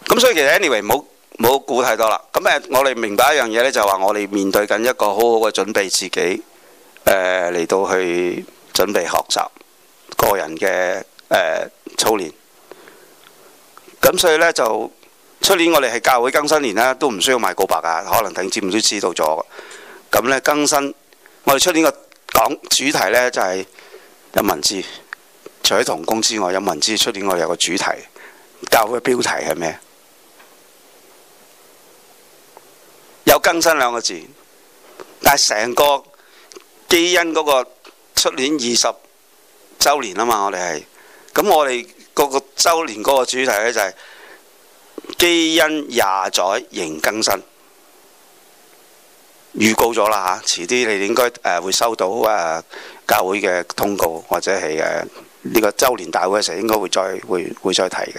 咁所以其實 anyway 唔好冇估太多啦。咁誒，我哋明白一樣嘢咧，就係、是、話我哋面對緊一個好好嘅準備自己誒嚟、呃、到去準備學習個人嘅誒、呃、操練。咁所以咧就出年我哋係教會更新年啦，都唔需要買告白啊。可能弟兄姊妹都知道咗。咁咧更新我哋出年個講主題咧就係、是、一文字。除咗同工之外，有文字出年，我哋有個主題，教會標題係咩？有更新兩個字，但係成個基恩嗰、那個出年二十周年啊嘛，我哋係咁，我哋嗰個週年嗰個主題咧就係、是、基恩廿載仍更新，預告咗啦吓，遲啲你哋應該誒、呃、會收到誒、呃、教會嘅通告，或者係誒。呃呢個周年大會嘅時候應該會再會會再睇嘅，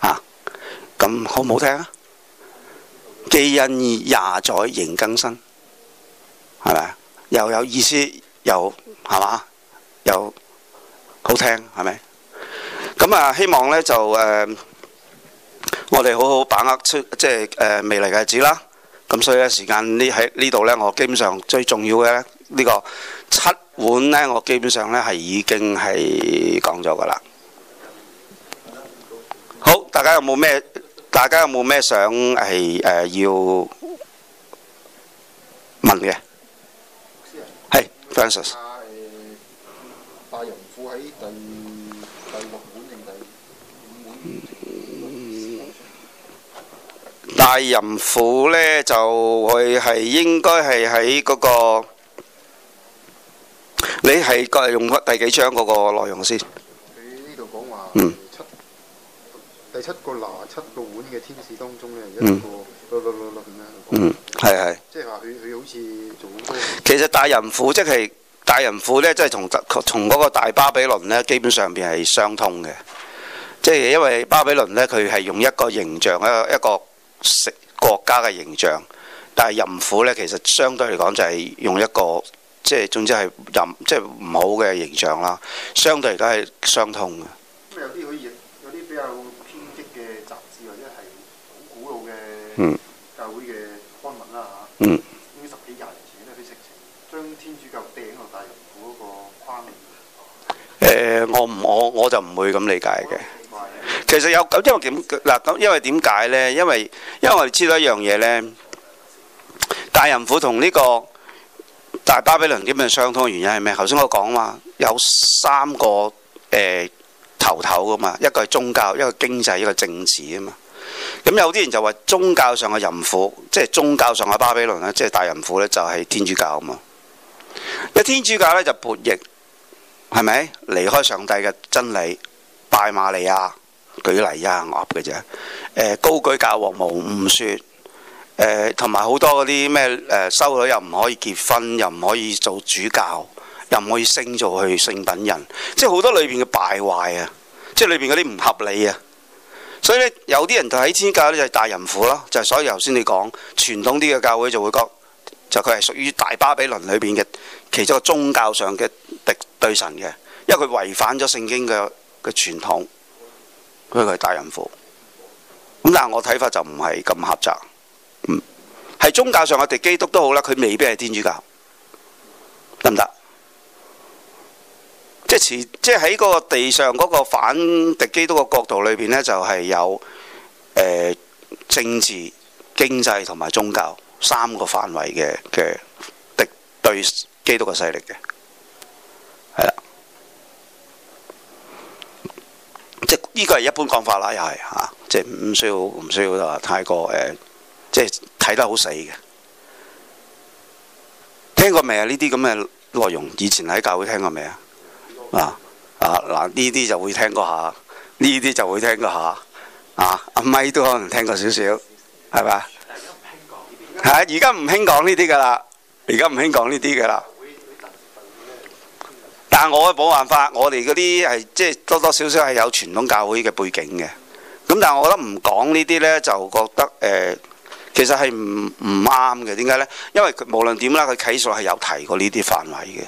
啊，咁好唔好聽啊？基因廿載仍更新，係咪？又有意思又係嘛？又，又好聽係咪？咁啊，希望呢就誒、呃，我哋好好把握出即係誒、呃、未來嘅日子啦。咁所以咧時間呢喺呢度咧，我基本上最重要嘅呢、這個七。碗呢，我基本上呢係已經係講咗噶啦。好，大家有冇咩？大家有冇咩想係誒要問嘅？係 Francis。大淫婦喺第第六碗定第五碗？大淫婦呢就佢係應該係喺嗰個。你係今日用翻第幾張嗰個內容先？佢呢度講話，嗯，七第七個嗱，七個碗嘅天使當中咧，嗯、一個，嗯，係係，即係話佢佢好似做咁多嘢，其實大淫婦即係大淫婦呢，即係同同個大巴比倫呢，基本上邊係相通嘅，即係因為巴比倫呢，佢係用一個形象一個一個國家嘅形象，但係淫婦呢，其實相對嚟講就係用一個。即係總之係任即係唔好嘅形象啦，相對而家係相通嘅。咁啊有啲可以有啲比較偏激嘅雜誌啊，一係好古老嘅教會嘅刊物啦嚇。嗯，呢十幾廿年前佢直情，將天主教掟落大淫婦嗰個框入。誒，我唔我我就唔會咁理解嘅。其實有咁，因為點嗱咁，因為點解咧？因為因為我哋知道一樣嘢咧，大淫婦同呢個。但巴比倫點樣相通嘅原因係咩？頭先我講話有三個誒、呃、頭頭噶嘛，一個係宗教，一個經濟，一個政治啊嘛。咁、嗯、有啲人就話宗教上嘅淫婦，即係宗教上嘅巴比倫咧，即係大淫婦咧，就係天主教啊嘛。一，天主教咧就叛逆，係咪離開上帝嘅真理，拜瑪利亞、舉例啊、惡嘅啫。誒、呃，高舉教王，無誤說。誒，同埋好多嗰啲咩誒修女又唔可以結婚，又唔可以做主教，又唔可以升做去聖品人，即係好多裏邊嘅敗壞啊！即係裏邊嗰啲唔合理啊！所以咧，有啲人就喺天教呢，就係大淫婦咯，就係、是、所以頭先你講傳統啲嘅教會就會覺得就佢係屬於大巴比倫裏邊嘅其中個宗教上嘅敵對神嘅，因為佢違反咗聖經嘅嘅傳統，所以佢係大淫婦。咁但係我睇法就唔係咁狹窄。係宗教上嘅敵基督都好啦，佢未必係天主教，得唔得？即係前，即係喺嗰個地上嗰個反敵基督嘅角度裏邊呢，就係有，呃，政治、經濟同埋宗教三個範圍嘅嘅敵對基督嘅勢力嘅，係啦，即呢個係一般講法啦，又係吓，即係唔需要唔需要話太過誒、呃，即係。睇得好死嘅，聽過未啊？呢啲咁嘅內容，以前喺教會聽過未、嗯、啊？啊啊嗱，呢啲就會聽過下，呢啲就會聽過下啊。阿咪都可能聽過少少，係咪啊？係而家唔興講呢啲噶啦，而家唔興講呢啲噶啦。講但係我冇辦法，我哋嗰啲係即係多多少少係有傳統教會嘅背景嘅。咁但係我覺得唔講呢啲呢，就覺得誒。呃其實係唔唔啱嘅，點解呢？因為佢無論點啦，佢啟示係有提過呢啲範圍嘅，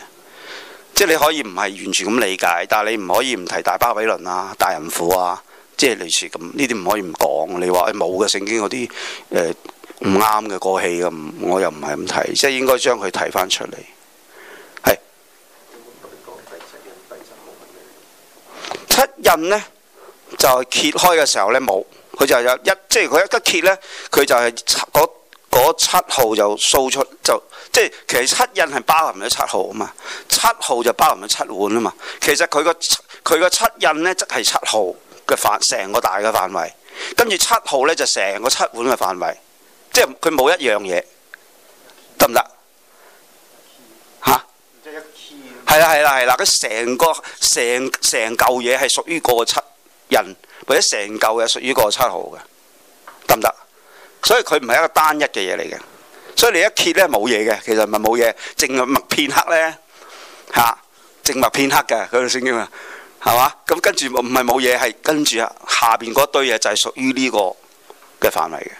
即係你可以唔係完全咁理解，但係你唔可以唔提大巴比倫啊、大淫婦啊，即係類似咁呢啲唔可以唔講。你話冇嘅聖經嗰啲誒唔啱嘅過氣嘅，我又唔係咁提，即係應該將佢提翻出嚟。係七印呢，就揭開嘅時候呢冇。佢就有一，即係佢一筆揭呢，佢就係嗰七號就掃出就，即係其實七印係包含咗七號啊嘛，七號就包含咗七碗啊嘛。其實佢個佢個七印呢，即係七號嘅範，成個大嘅範圍。跟住七號呢，就成個七碗嘅範圍。即係佢冇一樣嘢，得唔得？嚇？係啦係啦係啦，佢成個成成嚿嘢係屬於個七印。或者成嚿嘢屬於個七號嘅，得唔得？所以佢唔係一個單一嘅嘢嚟嘅，所以你一揭咧冇嘢嘅，其實唔係冇嘢，靜默片刻咧嚇，靜默片刻嘅嗰啲聲音，係嘛？咁跟住唔係冇嘢，係跟住下邊嗰堆嘢就係屬於呢個嘅範圍嘅，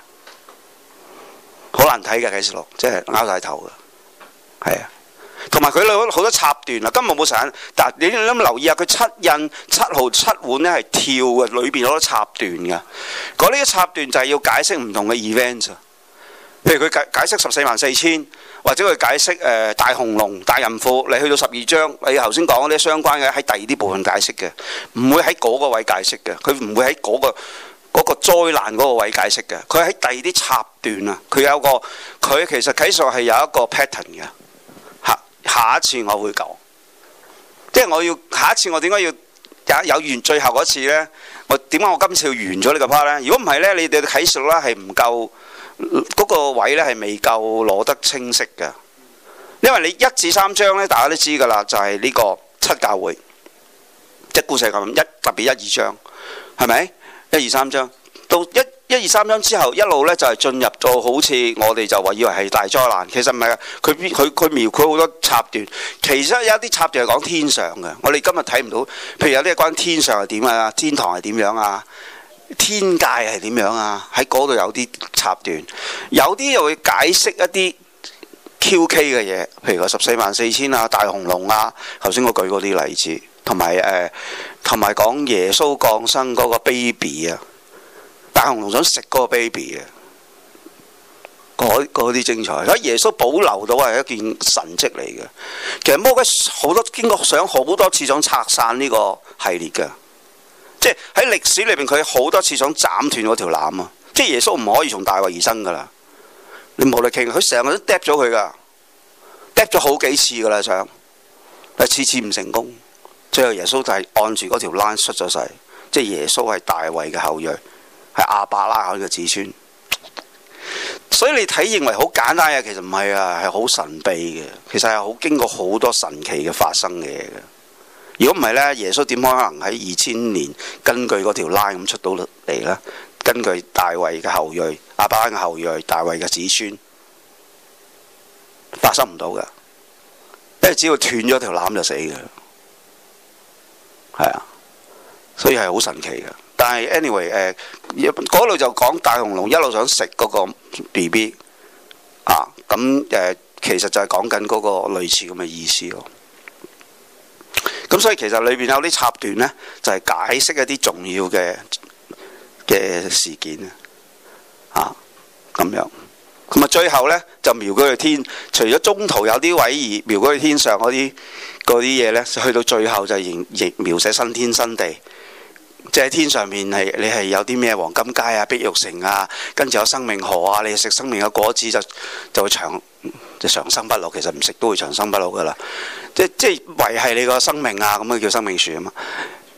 好難睇嘅啟示錄，即係拗晒頭嘅，係啊。同埋佢好多好多插段啊！根本冇成，但你諗，留意下，佢七印七號七碗咧係跳嘅，裏邊好多插段嘅。嗰啲插段就係要解釋唔同嘅 event 啊。譬如佢解解釋十四萬四千，或者佢解釋誒、呃、大紅龍、大淫婦，你去到十二章。你哋頭先講嗰啲相關嘅，喺第二啲部分解釋嘅，唔會喺嗰個位解釋嘅。佢唔會喺嗰個嗰個災難嗰個位解釋嘅。佢喺第二啲插段啊。佢有個佢，其實啟示係有一個 pattern 嘅。下一次我會講，即係我要下一次我點解要有有完最後一次呢？我點解我今次要完咗呢個 part 呢？如果唔係呢，你哋嘅啟示呢係唔夠嗰、那個位呢係未夠攞、那個、得清晰嘅，因為你一至三章呢，大家都知噶啦，就係、是、呢、這個七教會即係故事咁一特別一二章，係咪一二三章到一？一二三章之後，一路咧就係進入到好似我哋就話以為係大災難，其實唔係啊！佢佢佢描繪好多插段，其實有啲插段係講天上嘅。我哋今日睇唔到，譬如有啲係關於天上係點啊，天堂係點樣啊，天界係點樣啊，喺嗰度有啲插段，有啲又會解釋一啲 QK 嘅嘢，譬如話十四萬四千啊、大紅龍啊，頭先我舉嗰啲例子，同埋誒，同埋講耶穌降生嗰個 baby 啊。大紅龍想食嗰個 baby 嘅，嗰啲精彩喺耶穌保留到係一件神蹟嚟嘅。其實魔鬼好多經過想好多次想拆散呢個系列嘅，即係喺歷史裏邊佢好多次想斬斷嗰條纜啊，即係耶穌唔可以從大衛而生噶啦。你無厘傾佢成日都嗒咗佢噶，嗒咗好幾次噶啦，想但次次唔成功，最後耶穌就係按住嗰條纜出咗世，即係耶穌係大衛嘅後裔。係阿伯拉罕嘅子孫，所以你睇認為好簡單嘅，其實唔係啊，係好神秘嘅。其實係好經過好多神奇嘅發生嘅嘢嘅。如果唔係呢，耶穌點可能喺二千年根據嗰條拉咁出到嚟？呢？根據大衛嘅後裔，阿伯拉罕嘅後裔，大衛嘅子孫發生唔到嘅，因為只要斷咗條纜就死嘅，係啊，所以係好神奇嘅。但係，anyway，誒、呃，嗰度就講大紅龍一路想食嗰個 B B 啊，咁誒、呃，其實就係講緊嗰個類似咁嘅意思咯。咁、啊、所以其實裏邊有啲插段呢，就係、是、解釋一啲重要嘅嘅事件啊，咁樣。咁啊，最後呢，就描佢去天，除咗中途有啲位移，描佢去天上嗰啲啲嘢呢，去到最後就係描寫新天新地。即係天上面係你係有啲咩黃金街啊、碧玉城啊，跟住有生命河啊，你食生命嘅果子就就會長就長生不老。其實唔食都會長生不老噶啦。即即維係你個生命啊，咁啊叫生命樹啊嘛。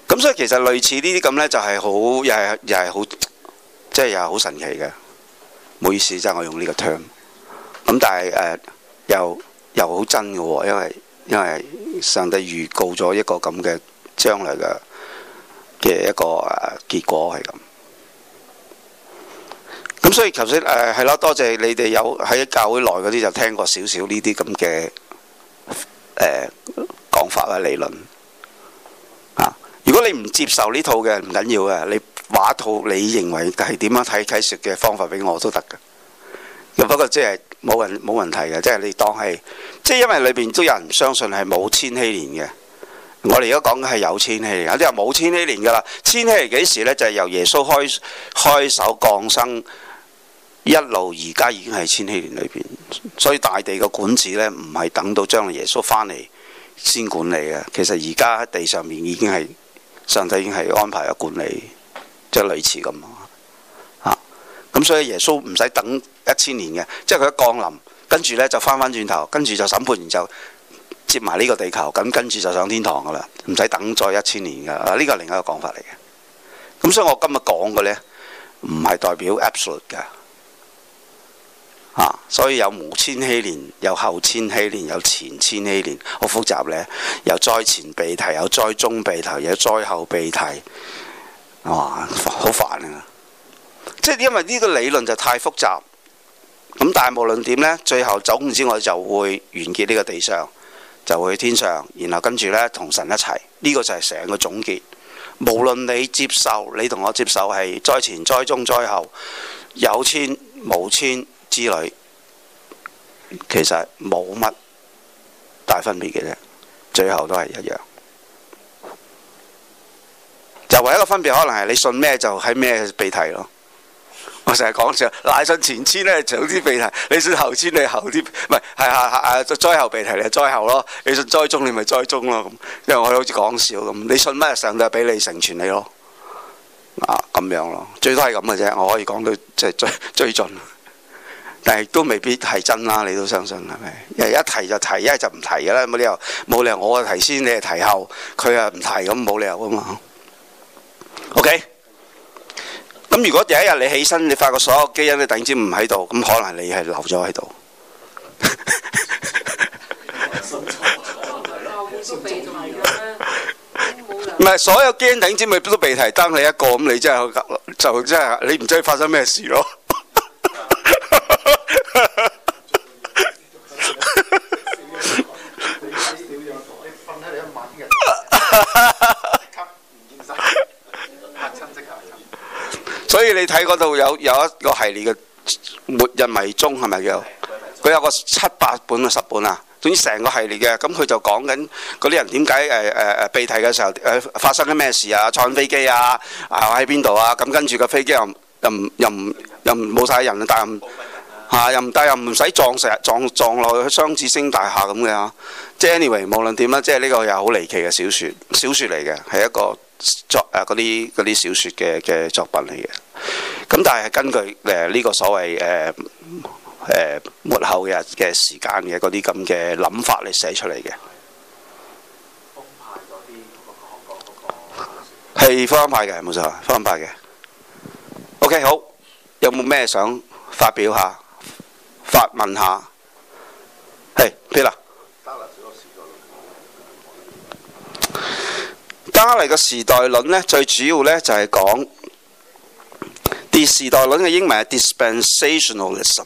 咁所以其實類似呢啲咁呢，就係好又係又係好即係又係好神奇嘅。唔好意思，即係我用呢個 term。咁但係誒又又好真嘅喎，因為因為上帝預告咗一個咁嘅將來嘅。嘅一個誒、呃、結果係咁，咁所以頭先誒係啦，多謝你哋有喺教會內嗰啲就聽過少少呢啲咁嘅誒講法或理論、啊、如果你唔接受呢套嘅唔緊要嘅，你畫一套你認為係點樣睇啟示嘅方法俾我都得嘅。不過即係冇人冇問題嘅，即係你當係即係因為裏邊都有人相信係冇千禧年嘅。我哋而家講嘅係有千禧年，有啲人冇千禧年噶啦。千禧年幾時呢？就係、是、由耶穌開開手降生，一路而家已經係千禧年裏邊。所以大地嘅管治呢，唔係等到將來耶穌翻嚟先管理嘅。其實而家喺地上面已經係上帝已經係安排咗管理，即係類似咁啊。咁所以耶穌唔使等一千年嘅，即係佢一降臨，跟住呢就翻返轉頭，跟住就審判完就。接埋呢個地球，咁跟住就上天堂噶啦，唔使等再一千年噶。啊，呢個係另一個講法嚟嘅。咁所以我今日講嘅呢，唔係代表 absolute 㗎啊。所以有無千禧年，有後千禧年，有前千禧年，好複雜呢。有災前被提，有災中被提，有災後被提，哇，好煩啊！即係因為呢個理論就太複雜咁，但係無論點呢，最後總言之，我就會完結呢個地上。就會去天上，然後跟住呢，同神一齊，呢個就係成個總結。無論你接受，你同我接受係災前、災中、災後，有千、冇千之類，其實冇乜大分別嘅啫，最後都係一樣。就唯一個分別可能係你信咩就喺咩被提咯。我成日講笑，賴、啊、你信前千咧長啲被提，你信後千、啊啊啊、你後啲，唔係係係係災後被提你災後咯，你信災中，你咪災中咯，因為我哋好似講笑咁，你信乜上帝俾你成全你咯，啊咁、嗯、樣咯，最多係咁嘅啫，我可以講到即係最最盡，但係都未必係真啦，你都相信係咪？一提就提，一就唔提嘅啦，冇理由，冇理由我提先你提後，佢又唔提咁冇理由㗎嘛，OK。咁如果第一日你起身，你發覺所有基因咧突然之間唔喺度，咁可能你係留咗喺度。唔係所有基因突然之間咪都都被提，單你一個，咁你真係就真係你唔知發生咩事咯。你睇嗰度有有一個系列嘅《末日迷蹤》，係咪叫？佢有個七八本啊，十本啊，總之成個系列嘅。咁佢就講緊嗰啲人點解誒誒誒被提嘅時候誒、呃、發生咗咩事啊？坐緊飛機啊，啊喺邊度啊？咁跟住個飛機又又唔又唔又唔冇晒人啦，但。嚇、啊，又唔帶又唔使撞石撞撞落去雙子星大廈咁嘅嚇，即係 anyway 無論點啦，即係呢個又好離奇嘅小說，小說嚟嘅係一個作誒嗰啲啲小說嘅嘅作品嚟嘅。咁但係根據誒呢、呃這個所謂誒誒末後嘅嘅時間嘅嗰啲咁嘅諗法嚟寫出嚟嘅。方派嗰係方派嘅冇錯，方派嘅。O、okay, K 好，有冇咩想發表下？發問下，係邊啦？加嚟嘅時代論呢，最主要呢就係、是、講啲時代論嘅英文係 Dispensationalism，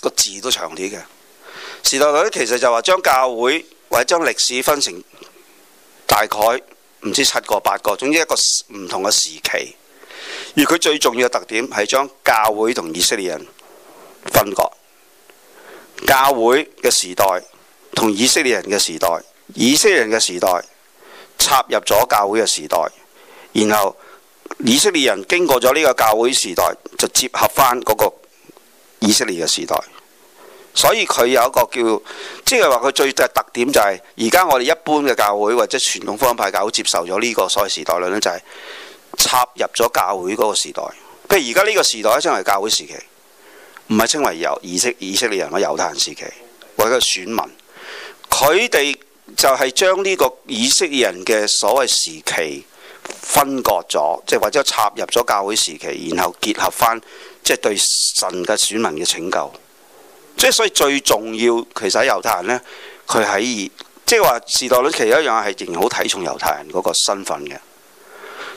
個字都長啲嘅。時代論其實就話將教會或者將歷史分成大概唔知七個八個，總之一個唔同嘅時期。而佢最重要嘅特點係將教會同以色列人。分割教會嘅時代同以色列人嘅時代，以色列人嘅時代插入咗教會嘅時代，然後以色列人經過咗呢個教會時代，就接合翻嗰個以色列嘅時代。所以佢有一個叫，即係話佢最大特點就係、是，而家我哋一般嘅教會或者傳統福音派教會接受咗呢、這個時代論呢就係、是、插入咗教會嗰個時代。譬如而家呢個時代已經係教會時期。唔係稱為猶以色列、以色列人或者猶太人時期，或者個選民。佢哋就係將呢個以色列人嘅所謂時期分割咗，即係或者插入咗教會時期，然後結合翻即係對神嘅選民嘅拯救。即係所以最重要，其實喺猶太人呢，佢喺即係話時代裏其實一樣係仍然好睇重猶太人嗰個身份嘅，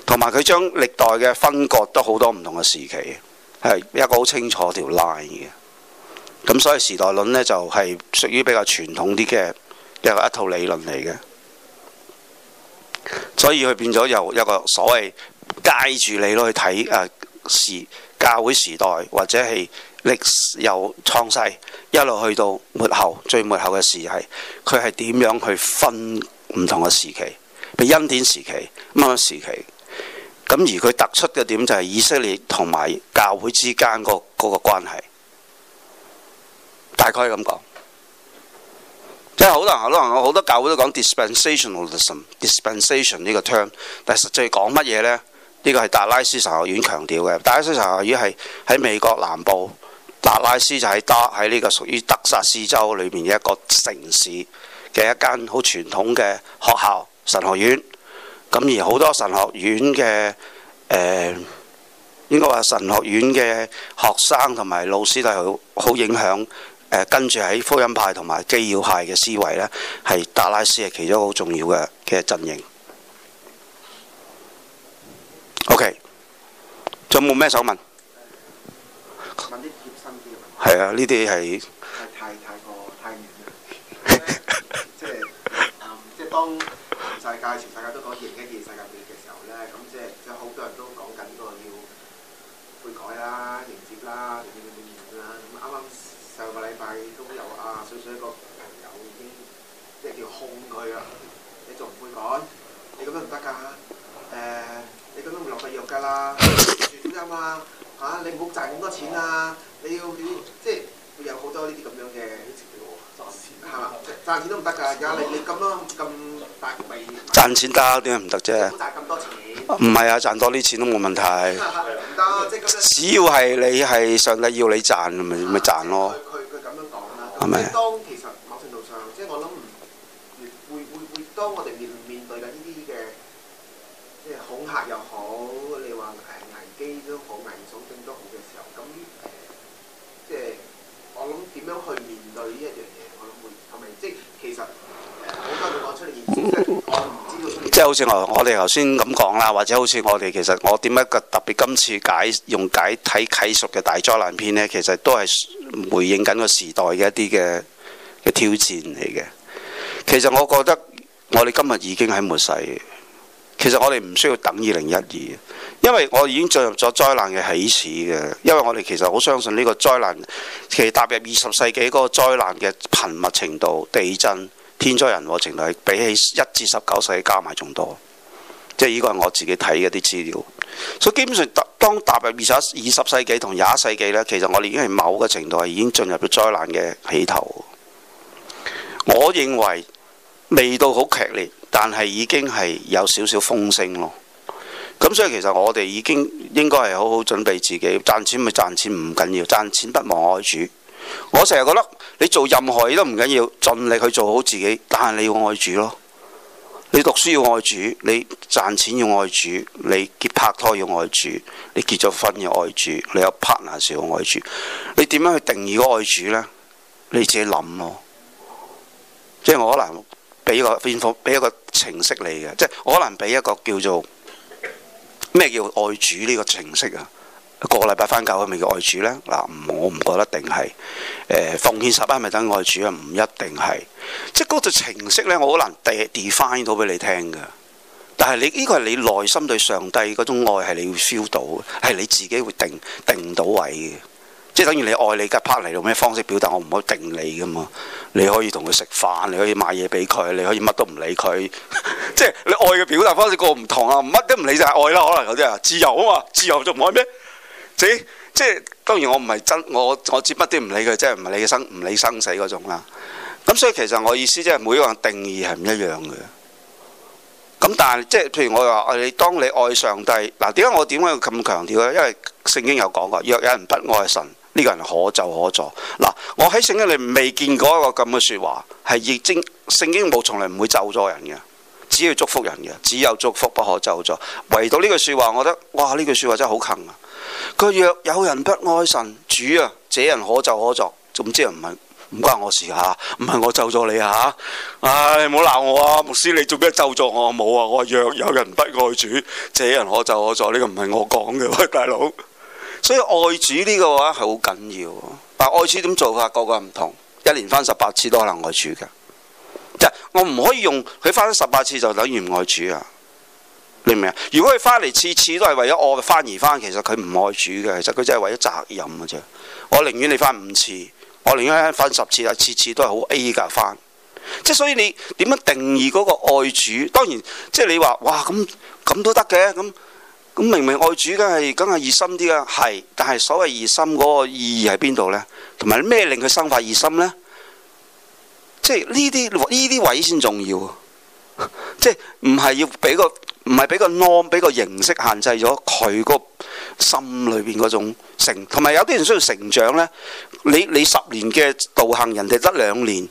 同埋佢將歷代嘅分割得好多唔同嘅時期。係一個好清楚條 line 嘅，咁所以時代論呢，就係、是、屬於比較傳統啲嘅一套理論嚟嘅，所以佢變咗由一個所謂帶住你咯去睇誒、啊、時教會時代或者係歷史由創世一路去到末後最末後嘅事係，佢係點樣去分唔同嘅時期？譬如恩典時期、乜乜時期。咁而佢突出嘅點就係、是、以色列同埋教會之間個嗰個關係，大概咁講。即係好多人好多人好多教會都講 dispensationalism、dispensation 呢個 term，但係實際講乜嘢呢？呢、這個係達拉斯神學院強調嘅。達拉斯神學院係喺美國南部，達拉斯就係德喺呢個屬於德薩斯州裏面嘅一個城市嘅一間好傳統嘅學校神學院。咁而好多神學院嘅誒，應該話神學院嘅學生同埋老師都係好好影響誒，跟住喺福音派同埋基要派嘅思維咧，係達拉斯係其中一個好重要嘅嘅陣營。O.K. 仲有冇咩想問？問啲貼心啲。係啊，呢啲係。係太太過太嚴。即係，即係當。世界全世界都講一件世界末日嘅時候咧，咁即係即係好多人都講緊個要悔改啦、迎接啦、點點點啦。咁啱啱上個禮拜都有阿水水個朋友已經即係叫控佢、呃、 啊。你仲唔悔改？你咁樣唔得㗎，誒你咁樣會落地獄㗎啦，住小心啦嚇！你唔好賺咁多錢啊！你要要即係有好多呢啲咁樣嘅。賺錢得點解唔得啫？唔好賺咁多錢。唔係啊，賺多啲錢都冇問題。 只要係你係上帝要你賺，咪咪賺咯。係咪？即係好似我我哋頭先咁講啦，或者好似我哋其實我點解特別今次解用解睇啟示嘅大災難篇呢？其實都係回應緊個時代嘅一啲嘅嘅挑戰嚟嘅。其實我覺得我哋今日已經喺末世。其實我哋唔需要等二零一二，因為我已經進入咗災難嘅起始嘅。因為我哋其實好相信呢個災難，其實踏入二十世紀個災難嘅頻密程度，地震。天災人禍程度係比起一至十九世紀加埋仲多，即係呢個係我自己睇嘅啲資料，所以基本上搭當踏入二十二十世紀同廿一世紀呢，其實我哋已經係某個程度係已經進入咗災難嘅起頭。我認為未到好劇烈，但係已經係有少少風聲咯。咁所以其實我哋已經應該係好好準備自己，賺錢咪賺錢，唔緊要，賺錢不忘愛主。我成日覺得你做任何嘢都唔緊要，盡力去做好自己，但係你要愛主咯。你讀書要愛主，你賺錢要愛主，你結拍拖要愛主，你結咗婚要愛主，你有 partner 時要愛主。你點樣去定義嗰個愛主呢？你自己諗咯。即係我可能俾個片俾一個程式你嘅，即係我可能俾一個叫做咩叫愛主呢個程式啊？個個禮拜翻教係咪叫愛主咧？嗱，我唔覺得定係、呃、奉獻十一，咪等愛主啊？唔一定係，即係嗰、那個程式咧，我好難 de define 到俾你聽嘅。但係你呢個係你內心對上帝嗰種愛係你要 feel 到，係你自己會定定到位嘅。即係等於你愛你嘅 partner 用咩方式表達，我唔可以定你噶嘛。你可以同佢食飯，你可以買嘢俾佢，你可以乜都唔理佢。 即係你愛嘅表達方式個唔同啊，乜都唔理就係愛啦。可能有啲啊，自由啊嘛，自由仲唔愛咩？即即當然我，我唔係真我我至畢啲唔理佢，即係唔係你生唔理生死嗰種啦。咁所以其實我意思即係每一個人定義係唔一樣嘅。咁但係即係譬如我話，你當你愛上帝嗱，點解我點解要咁強調呢？因為聖經有講過，若有人不愛神，呢個人可咒可助嗱。我喺聖經裏未見過一個咁嘅説話，係已經聖經冇從來唔會咒咗人嘅。只要祝福人嘅，只有祝福不可咒詛。唯獨呢句說話，我覺得哇，呢句說話真係好近啊！佢若有人不愛神主啊，這人可咒可詛。總之唔係，唔關我事吓、啊，唔係我咒咗你吓、啊。唉、啊，唔好鬧我啊，牧師你做咩咒詛我、啊？冇啊，我若有人不愛主，這人可咒可詛。呢、這個唔係我講嘅，喂大佬。所以愛主呢個話係好緊要，但係愛主點做法個個唔同，一年翻十八次都可能愛主嘅。我唔可以用佢翻十八次就等於唔愛主啊！你明唔明啊？如果佢翻嚟，次次都係為咗我翻而翻，其實佢唔愛主嘅。其實佢真係為咗責任嘅啫。我寧願你翻五次，我寧願翻十次啊！次次都係好 A 噶翻。即係所以你點樣定義嗰個愛主？當然，即係你話哇咁咁都得嘅，咁咁明明愛主梗係梗係熱心啲啊係，但係所謂熱心嗰個意義喺邊度呢？同埋咩令佢生發熱心呢？即係呢啲呢啲位先重要，即係唔係要俾個唔係俾個 norm 俾個形式限制咗佢個心裏邊嗰種成，同埋有啲人需要成長咧。你你十年嘅道行，人哋得兩年。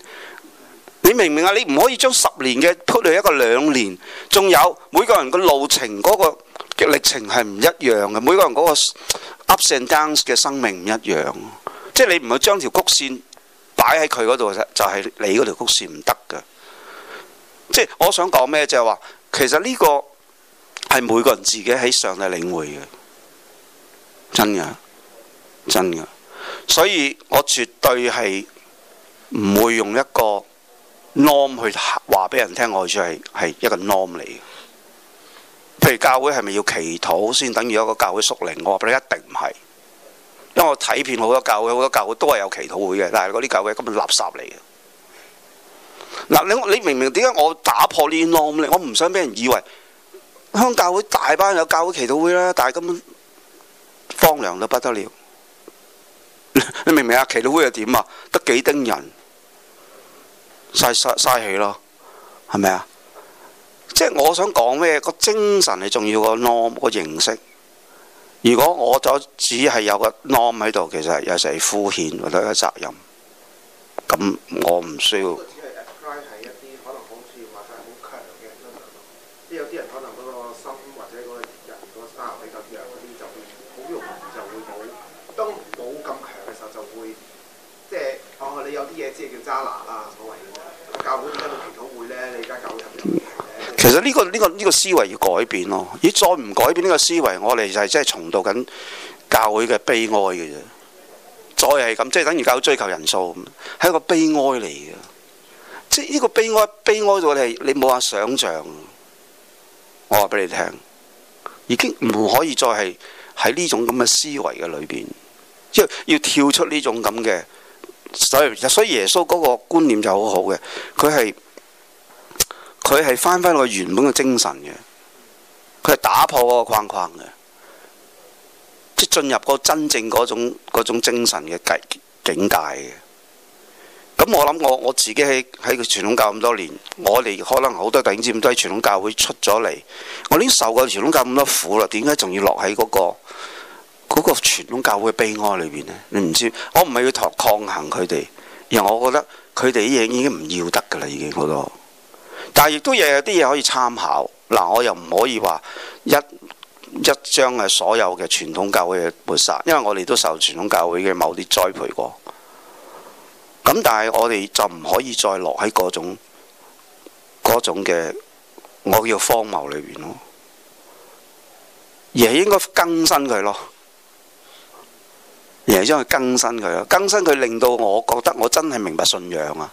你明唔明啊？你唔可以將十年嘅 put 去一個兩年。仲有每個人個路程嗰個歷程係唔一樣嘅，每個人嗰、那個，個 ups and downs 嘅生命唔一樣。即係你唔好將條曲線。擺喺佢嗰度就係、是、你嗰條曲線唔得噶，即係我想講咩就係、是、話，其實呢個係每個人自己喺上帝領會嘅，真嘅，真嘅，所以我絕對係唔會用一個 norm 去話俾人聽我在係係一個 norm 嚟嘅。譬如教會係咪要祈禱先等於一個教會屬靈？我話俾你一定唔係。因為我睇遍好多教會，好多教會都係有祈禱會嘅，但係嗰啲教會根本垃圾嚟嘅。嗱、啊，你你明明點解我打破呢啲 norm 咧？我唔想俾人以為香港教會大班有教會祈禱會啦，但係根本荒涼到不得了。 你明唔明啊？祈禱會又點啊？得幾丁人？嘥嘥嘥氣咯，係咪啊？即係、就是、我想講咩？個精神係重要過 norm 個形式。如果我就只係有個孏喺度，其實有時係敷衍或者一個責任，咁我唔需要。即有啲人可能嗰個心或者嗰個人嗰、嗰個心比較弱嗰啲，就會好容易就會冇。當冇咁強嘅時候，就會即係、哦、你有啲嘢即係叫渣男啊，所謂嘅。教會而家到祈禱會呢，你而家教人。其實呢個呢個呢個思維要改變咯，咦？再唔改變呢個思維，我哋就係真係重蹈緊教會嘅悲哀嘅啫。再係咁，即係等於教會追求人數，係一個悲哀嚟嘅。即係呢個悲哀，悲哀到我哋你冇法想象。我話俾你聽，已經唔可以再係喺呢種咁嘅思維嘅裏邊，即係要跳出呢種咁嘅。所以，所以耶穌嗰個觀念就好好嘅，佢係。佢係翻翻個原本嘅精神嘅，佢係打破嗰個框框嘅，即係進入嗰真正嗰種種精神嘅界境界嘅。咁、嗯、我諗我我自己喺喺個傳統教咁多年，我哋可能好多弟兄姊妹都係傳統教會出咗嚟，我已經受過傳統教咁多苦啦，點解仲要落喺嗰、嗰個嗰、嗰個傳統教會嘅悲哀裏邊呢？你唔知，我唔係要抗抗衡佢哋，而我覺得佢哋啲嘢已經唔要得噶啦，已經好多。但係亦都有啲嘢可以參考嗱，我又唔可以話一一將係所有嘅傳統教會嘅抹殺，因為我哋都受傳統教會嘅某啲栽培過。咁但係我哋就唔可以再落喺嗰種嗰種嘅我叫荒謬裏邊咯，而係應該更新佢咯，而係將佢更新佢，更新佢令到我覺得我真係明白信仰啊！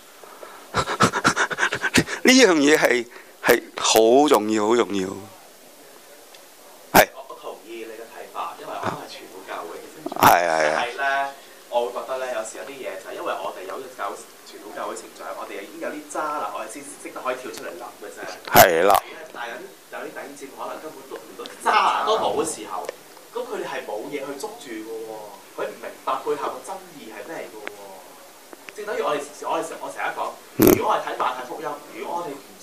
呢樣嘢係係好重要，好重要，係。我我同意你嘅睇法，因為我係傳統教會嘅。係係係。係咧，我會覺得咧，有時有啲嘢就係、是、因為我哋有啲教傳統教會程序，我哋已經有啲渣啦，我哋先識得可以跳出嚟諗嘅啫。候了。係啦。大人有啲底子，可能根本唔到。渣都冇嘅時候，咁佢哋係冇嘢去捉住嘅，佢唔明白背後個爭議係咩嚟嘅。正等於我哋我哋成我成日講，如果係睇《馬太福音》。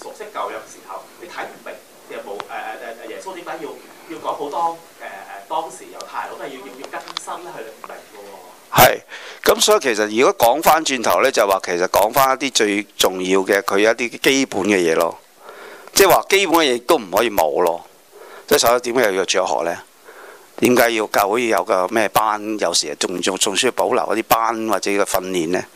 熟悉舊約嘅時候，你睇唔明，即係無誒誒誒耶穌點解要要講好多誒誒，當時猶太佬都係要要要更新咧，佢唔明嘅喎。係，咁所以其實如果講翻轉頭咧，就係話其實講翻一啲最重要嘅，佢有一啲基本嘅嘢咯。即係話基本嘅嘢都唔可以冇咯。即係所以點解又要著學咧？點解要教會要有個咩班？有時仲仲仲需要保留一啲班或者個訓練咧？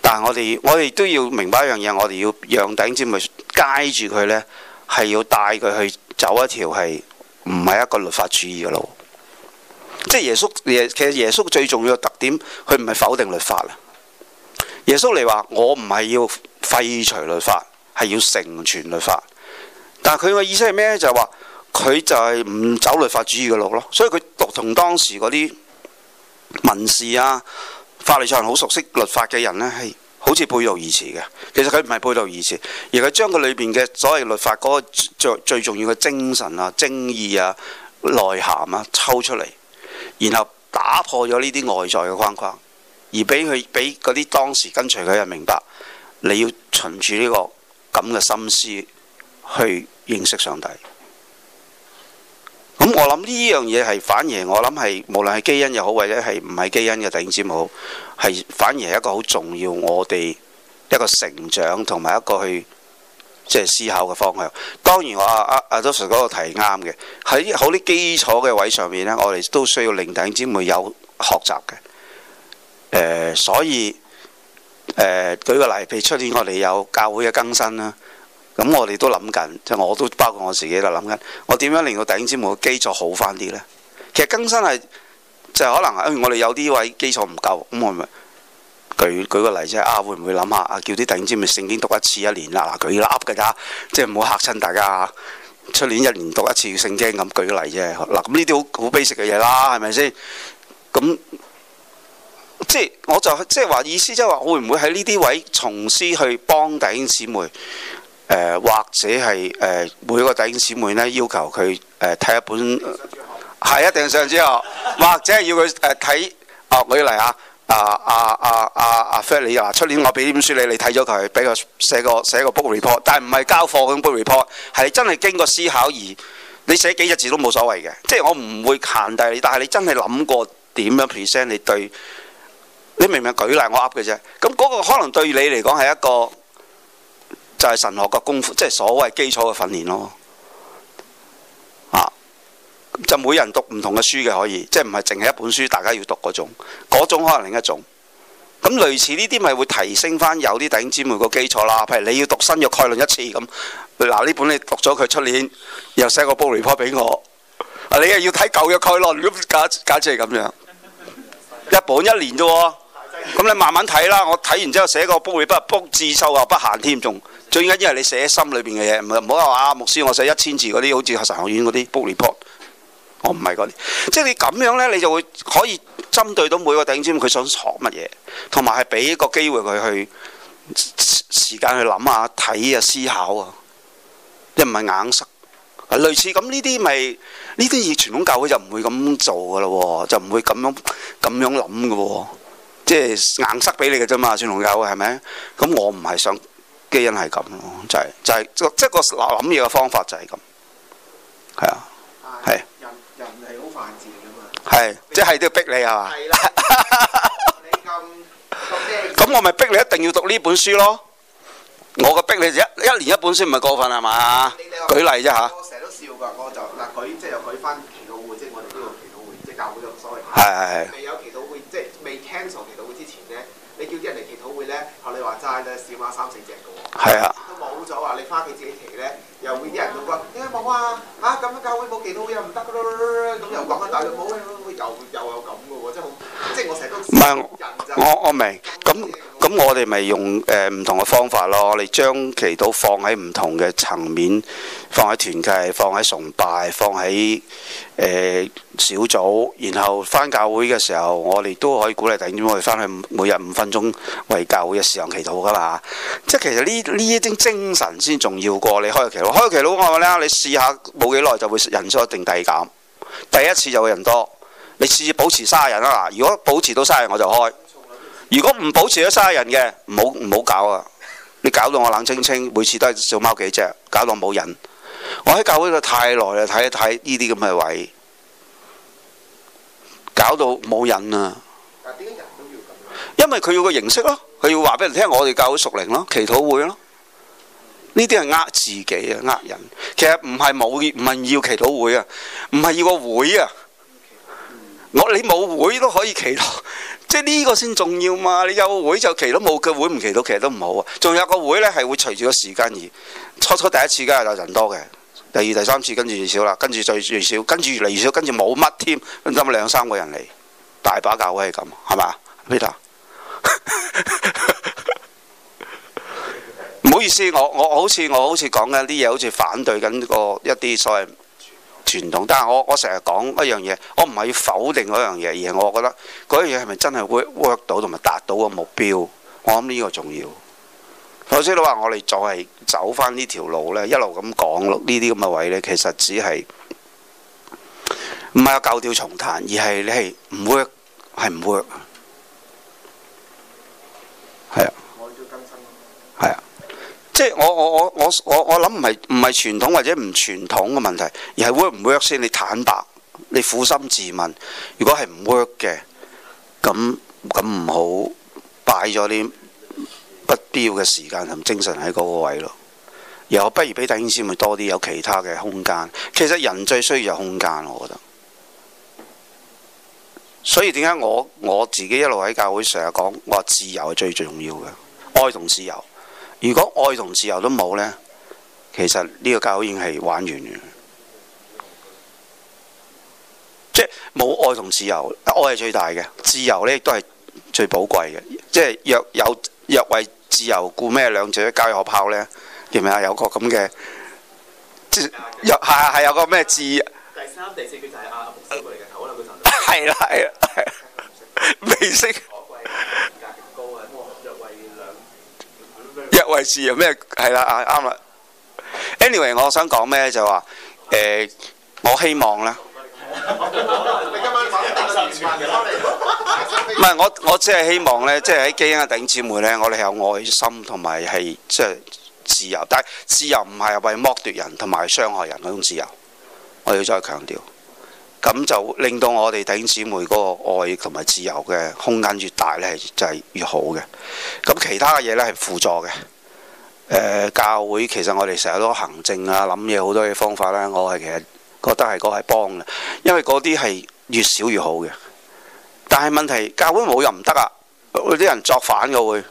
但係我哋，我哋都要明白一樣嘢，我哋要讓頂尖咪街住佢呢，係要帶佢去走一條係唔係一個律法主義嘅路。即係耶穌，耶，其實耶穌最重要嘅特點，佢唔係否定律法啊。耶穌嚟話我唔係要廢除律法，係要成全律法。但係佢嘅意思係咩？就係話佢就係唔走律法主義嘅路咯。所以佢同當時嗰啲文士啊。法律上好熟悉律法嘅人呢，係好似背道而馳嘅。其實佢唔係背道而馳，而佢將佢裏邊嘅所謂律法嗰個最最重要嘅精神啊、精義啊、內涵啊抽出嚟，然後打破咗呢啲外在嘅框框，而俾佢俾嗰啲當時跟隨佢嘅人明白，你要循住呢個咁嘅心思去認識上帝。咁我諗呢樣嘢係反而我諗係無論係基因又好，或者係唔係基因嘅弟兄姊妹好，係反而一個好重要我哋一個成長同埋一個去即係思考嘅方向。當然我阿阿阿 Doctor 嗰個提啱嘅喺好啲基礎嘅位上面呢，我哋都需要令弟兄姊妹有學習嘅。誒，所以誒，舉個例，譬如出年我哋有教會嘅更新啦。咁我哋都諗緊，即係我都包括我自己啦。諗緊我點樣令到弟兄姊妹嘅基礎好翻啲呢？其實更新係就係、是、可能，因、哎、我哋有啲位基礎唔夠，咁我咪舉舉個例啫。啊，會唔會諗下啊？叫啲弟兄姊妹聖經讀一次一年啦。嗱、啊，舉例嘅咋，即係唔好嚇親大家。出、啊、年一年讀一次聖經咁、啊、舉個例啫。嗱、啊，咁呢啲好好 basic 嘅嘢啦，係咪先？咁即係我就即係話意思、就是，即係話會唔會喺呢啲位從師去幫弟兄姊妹？誒、呃、或者係誒、呃、每個弟兄姊妹咧，要求佢誒睇一本係一定上之後，或者係要佢誒睇，哦，舉例啊啊啊啊啊啊！Fairly 話出年我俾啲本書你，你睇咗佢，俾個寫個寫個 book report，但係唔係交貨咁 book report，係真係經過思考而你寫幾隻字都冇所謂嘅，即係我唔會限定你，但係你真係諗過點樣 present 你對你，你明唔明？明，明，明舉例我噏嘅啫，咁嗰個可能對你嚟講係一個。就係神學嘅功夫，即係所謂基礎嘅訓練咯。啊，就每人讀唔同嘅書嘅可以，即係唔係淨係一本書大家要讀嗰種，嗰種可能另一種。咁類似呢啲咪會提升翻有啲弟兄姊妹嘅基礎啦。譬如你要讀新約概論一次咁，嗱呢、啊、本你讀咗佢出年，又寫個 book report 俾我。啊，你又要睇舊約概論，咁假假設係咁樣，一本一年啫喎。咁你慢慢睇啦，我睇完之後寫個 book report，字數又不限添，仲最緊要係你寫心裏邊嘅嘢，唔好話啊牧師，我寫一千字嗰啲好似神學院嗰啲 book report 我唔係嗰啲，即係你咁樣呢，你就會可以針對到每個頂尖佢想學乜嘢，同埋係俾一個機會佢去時間去諗下、睇啊、思考啊，一唔係硬塞。類似咁呢啲咪呢啲以傳統教會就唔會咁做噶咯，就唔會咁樣咁樣諗噶。即係硬塞俾你嘅啫嘛，算同友係咪？咁我唔係想基恩係咁咯，就係就係即係個諗嘢嘅方法就係咁，係啊，係。人係好犯賤㗎嘛。係，即係都要逼你係嘛？係啦。咁我咪逼你一定要讀呢本書咯。我嘅逼你一一年一本書唔係過分係嘛？舉例啫吓。我成日都笑㗎，我就嗱，舉即係又舉翻祈禱會，即係我哋呢個祈禱會，即係教會嘅所謂。係係係。齋啦，少咗三四隻嘅喎，都冇咗啊。你翻屋企自己騎咧，又會啲人都話點解冇啊？嚇咁樣，教會冇騎到又唔得嘅咯，咁又講啊但係佢冇，又又有咁。唔係，我明我明咁咁，我哋咪用誒唔同嘅方法咯，我哋將祈禱放喺唔同嘅層面，放喺團契，放喺崇拜，放喺誒、呃、小組，然後翻教會嘅時候，我哋都可以鼓勵弟兄去翻去每日五分鐘為教會嘅事行祈禱噶嘛。即係其實呢呢一啲精神先重要過你開個祈禱，開個祈禱我話你啊，你試下冇幾耐就會人數一定遞減，第一次就會人多。你試保持卅人啊嗱，如果保持到卅人我就開；如果唔保持咗卅人嘅，唔好唔好搞啊！你搞到我冷清清，每次都係小貓幾隻，搞到冇人。我喺教會度太耐啦，睇一睇呢啲咁嘅位，搞到冇人啊！為人因為佢要個形式咯、啊，佢要話俾人聽我哋教會屬靈咯，祈禱會咯、啊。呢啲係呃自己啊，呃人。其實唔係冇，唔係要祈禱會啊，唔係要個會啊。我你冇會都可以祈禱，即係呢個先重要嘛。你有個會就祈禱，冇嘅會唔祈禱，其實都唔好啊。仲有個會咧，係會隨住個時間而初初第一次梗係就人多嘅，第二第三次跟住越少啦，跟住最最少，跟住越嚟越少，跟住冇乜添，得兩三個人嚟，大把教會係咁，係嘛？Peter，唔好意思，我我好似我好似講緊啲嘢，好似反對緊個一啲所謂。傳統，但係我我成日講一樣嘢，我唔係要否定嗰樣嘢，而係我覺得嗰樣嘢係咪真係會 work 到同埋達到個目標？我諗呢個重要。頭先你話我哋再係走返呢條路咧，一路咁講落呢啲咁嘅位咧，其實只係唔係有舊調重彈，而係你係唔 work 係唔 work。係啊。係啊。即係我我我我我諗唔係唔係傳統或者唔傳統嘅問題，而係 work 唔 work 先。你坦白，你苦心自問。如果係唔 work 嘅，咁咁唔好，擺咗啲不必要嘅時間同精神喺嗰個位咯。又不如俾弟兄姊妹多啲有其他嘅空間。其實人最需要有空間，我覺得。所以點解我我自己一路喺教會成日講，我話自由係最重要嘅，愛同自由。如果愛同自由都冇呢，其實呢個教已經係玩完嘅。即係冇愛同自由，愛係最大嘅，自由呢亦都係最寶貴嘅。即係若有若為自由，顧咩兩者？皆可拋咧，見唔見啊？有，啊有個咁嘅字，係係有個咩字？第三第四句就係牧師啦，佢係。係啦，係啊，未識。 為事有咩係啦？啊啱啦。Anyway，我想講咩就話誒、呃，我希望咧，唔係 我我只係希望咧，即係喺基恩嘅頂姊妹咧，我哋有愛心同埋係即係自由，但係自由唔係為剝奪人同埋傷害人嗰種自由，我要再強調。咁就令到我哋頂姊妹嗰個愛同埋自由嘅空間越大咧，就係、係、越好嘅。咁其他嘅嘢咧係輔助嘅。誒、呃、教會其實我哋成日都行政啊，諗嘢好多嘅方法咧，我係其實覺得係嗰係幫嘅，因為嗰啲係越少越好嘅。但係，問題教會冇又唔得啊，嗰啲人作反嘅會。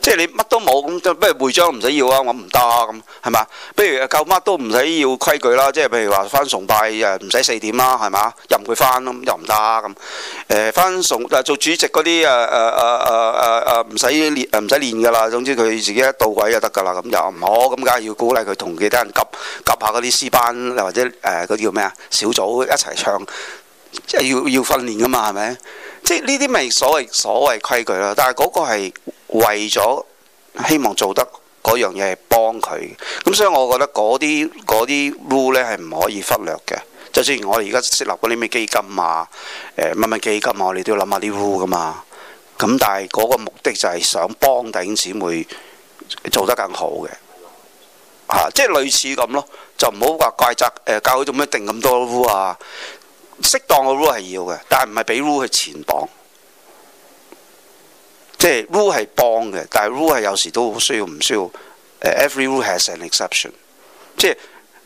即係你乜都冇咁，不如會章唔使要啊？我唔得啊，咁係嘛？不如夠乜都唔使要規矩啦。即係譬如話翻崇拜誒，唔使四點啦，係嘛？任佢翻咯，咁又唔得咁誒。翻、嗯、崇做主席嗰啲誒誒誒誒誒誒，唔、啊、使、啊啊啊啊啊、練唔使、啊、練㗎啦。總之佢自己一到位就得㗎啦。咁又唔好咁，梗係要鼓勵佢同其他人夾夾下嗰啲詩班，又或者誒啲叫咩啊小組一齊唱，即、就、係、是、要要訓練㗎嘛係咪？即係呢啲咪所謂所謂規矩啦，但係嗰個係。為咗希望做得嗰樣嘢係幫佢，咁、嗯、所以我覺得嗰啲 rule 咧係唔可以忽略嘅。就算我哋而家設立嗰啲咩基金啊、誒乜乜基金啊，我哋都要諗下啲 rule 噶嘛。咁、嗯、但係嗰個目的就係想幫弟兄姊妹做得更好嘅，嚇、啊，即係類似咁咯。就唔好話怪責誒、呃、教佢做咩定咁多 rule 啊，適當嘅 rule 係要嘅，但係唔係俾 rule 去前綁。即係 rule 係幫嘅，但係 rule 係有時都需要唔需要。Every rule has an exception，即係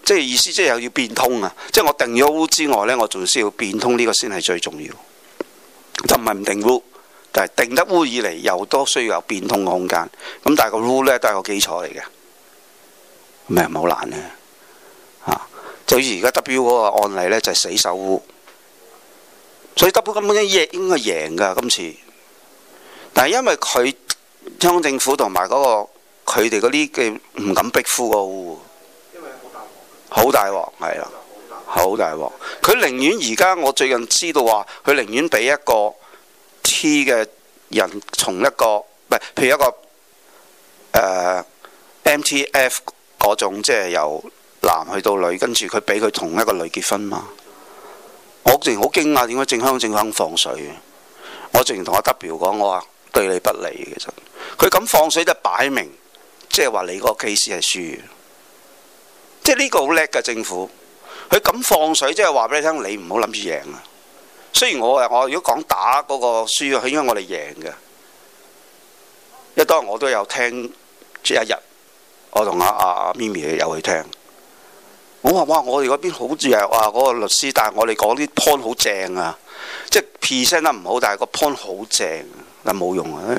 即係意思即係又要變通啊！即係我定咗 rule 之外呢，我仲需要變通呢、呢個先係最重要。就唔係唔定 rule，但係定得 rule 以嚟又都需要有變通嘅空間。咁但係個 rule 咧都係個基礎嚟嘅，咁誒好難呢。啊、就好似而家 W 嗰個案例呢，就係、是、死守 rule，所以 W 根本應該應係贏㗎今次。但係因為佢中央政府同埋嗰個佢哋嗰啲嘅唔敢逼呼，喎，因為好大鑊，好大鑊係啦，好大鑊。佢寧願而家我最近知道話，佢寧願俾一個 T 嘅人從一個唔係，譬如一個誒、呃、MTF 嗰種，即係由男去到女，跟住佢俾佢同一個女結婚嘛。我之前好驚啊，點解正商政客放水？我之前同阿 W 講，我話。我對你不利嘅，其實佢咁放水就擺明，即係話你嗰個 case 係輸。即係呢個好叻嘅政府，佢咁放水，即係話俾你聽，你唔好諗住贏啊。雖然我啊，我如果講打嗰個輸啊，係應該我哋贏嘅，因為當我都有聽，即一日我同阿阿咪咪有去聽，我話哇，我哋嗰邊好似係話嗰個律師，但係我哋講啲 point 好正啊，即係 present 得唔好，但係個 point 好正啊。但冇用啊！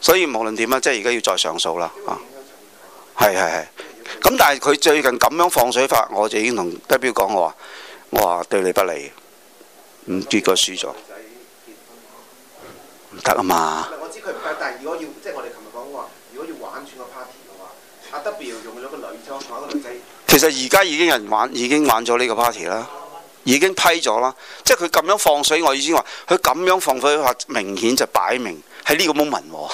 所以無論點啊，即係而家要再上訴啦啊！係係係。咁但係佢最近咁樣放水法，我就已經同 W 講我話：我話對你不利，唔結果輸咗，唔得啊嘛！我知佢唔得，但係如果要即係我哋琴日講話，如果要玩轉個 party 嘅話，阿 W 用咗個女裝，買個女仔。其實而家已經有人玩，已經玩咗呢個 party 啦。已經批咗啦，即係佢咁樣放水。我已經話佢咁樣放水，話明顯就擺明喺呢個 moment。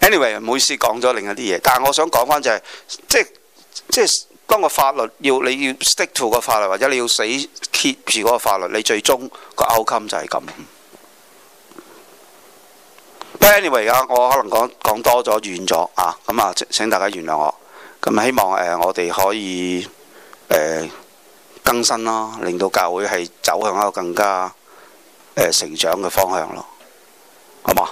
Anyway，唔好意思講咗另一啲嘢，但係我想講翻就係、是，即係即係當個法律要你要 stick to 個法律，或者你要死 keep 住嗰個法律，你最終個 outcome 就係咁。But、anyway，而我可能講講多咗遠咗啊，咁啊請大家原諒我。咁希望誒、呃、我哋可以誒。呃更新咯，令到教會係走向一個更加、呃、成長嘅方向咯，好嘛？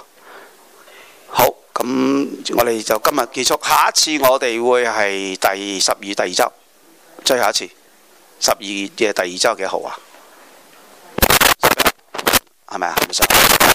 好，咁我哋就今日結束，下一次我哋會係第十二第二周，再下一次十二嘅第二周幾號啊？係咪啊？唔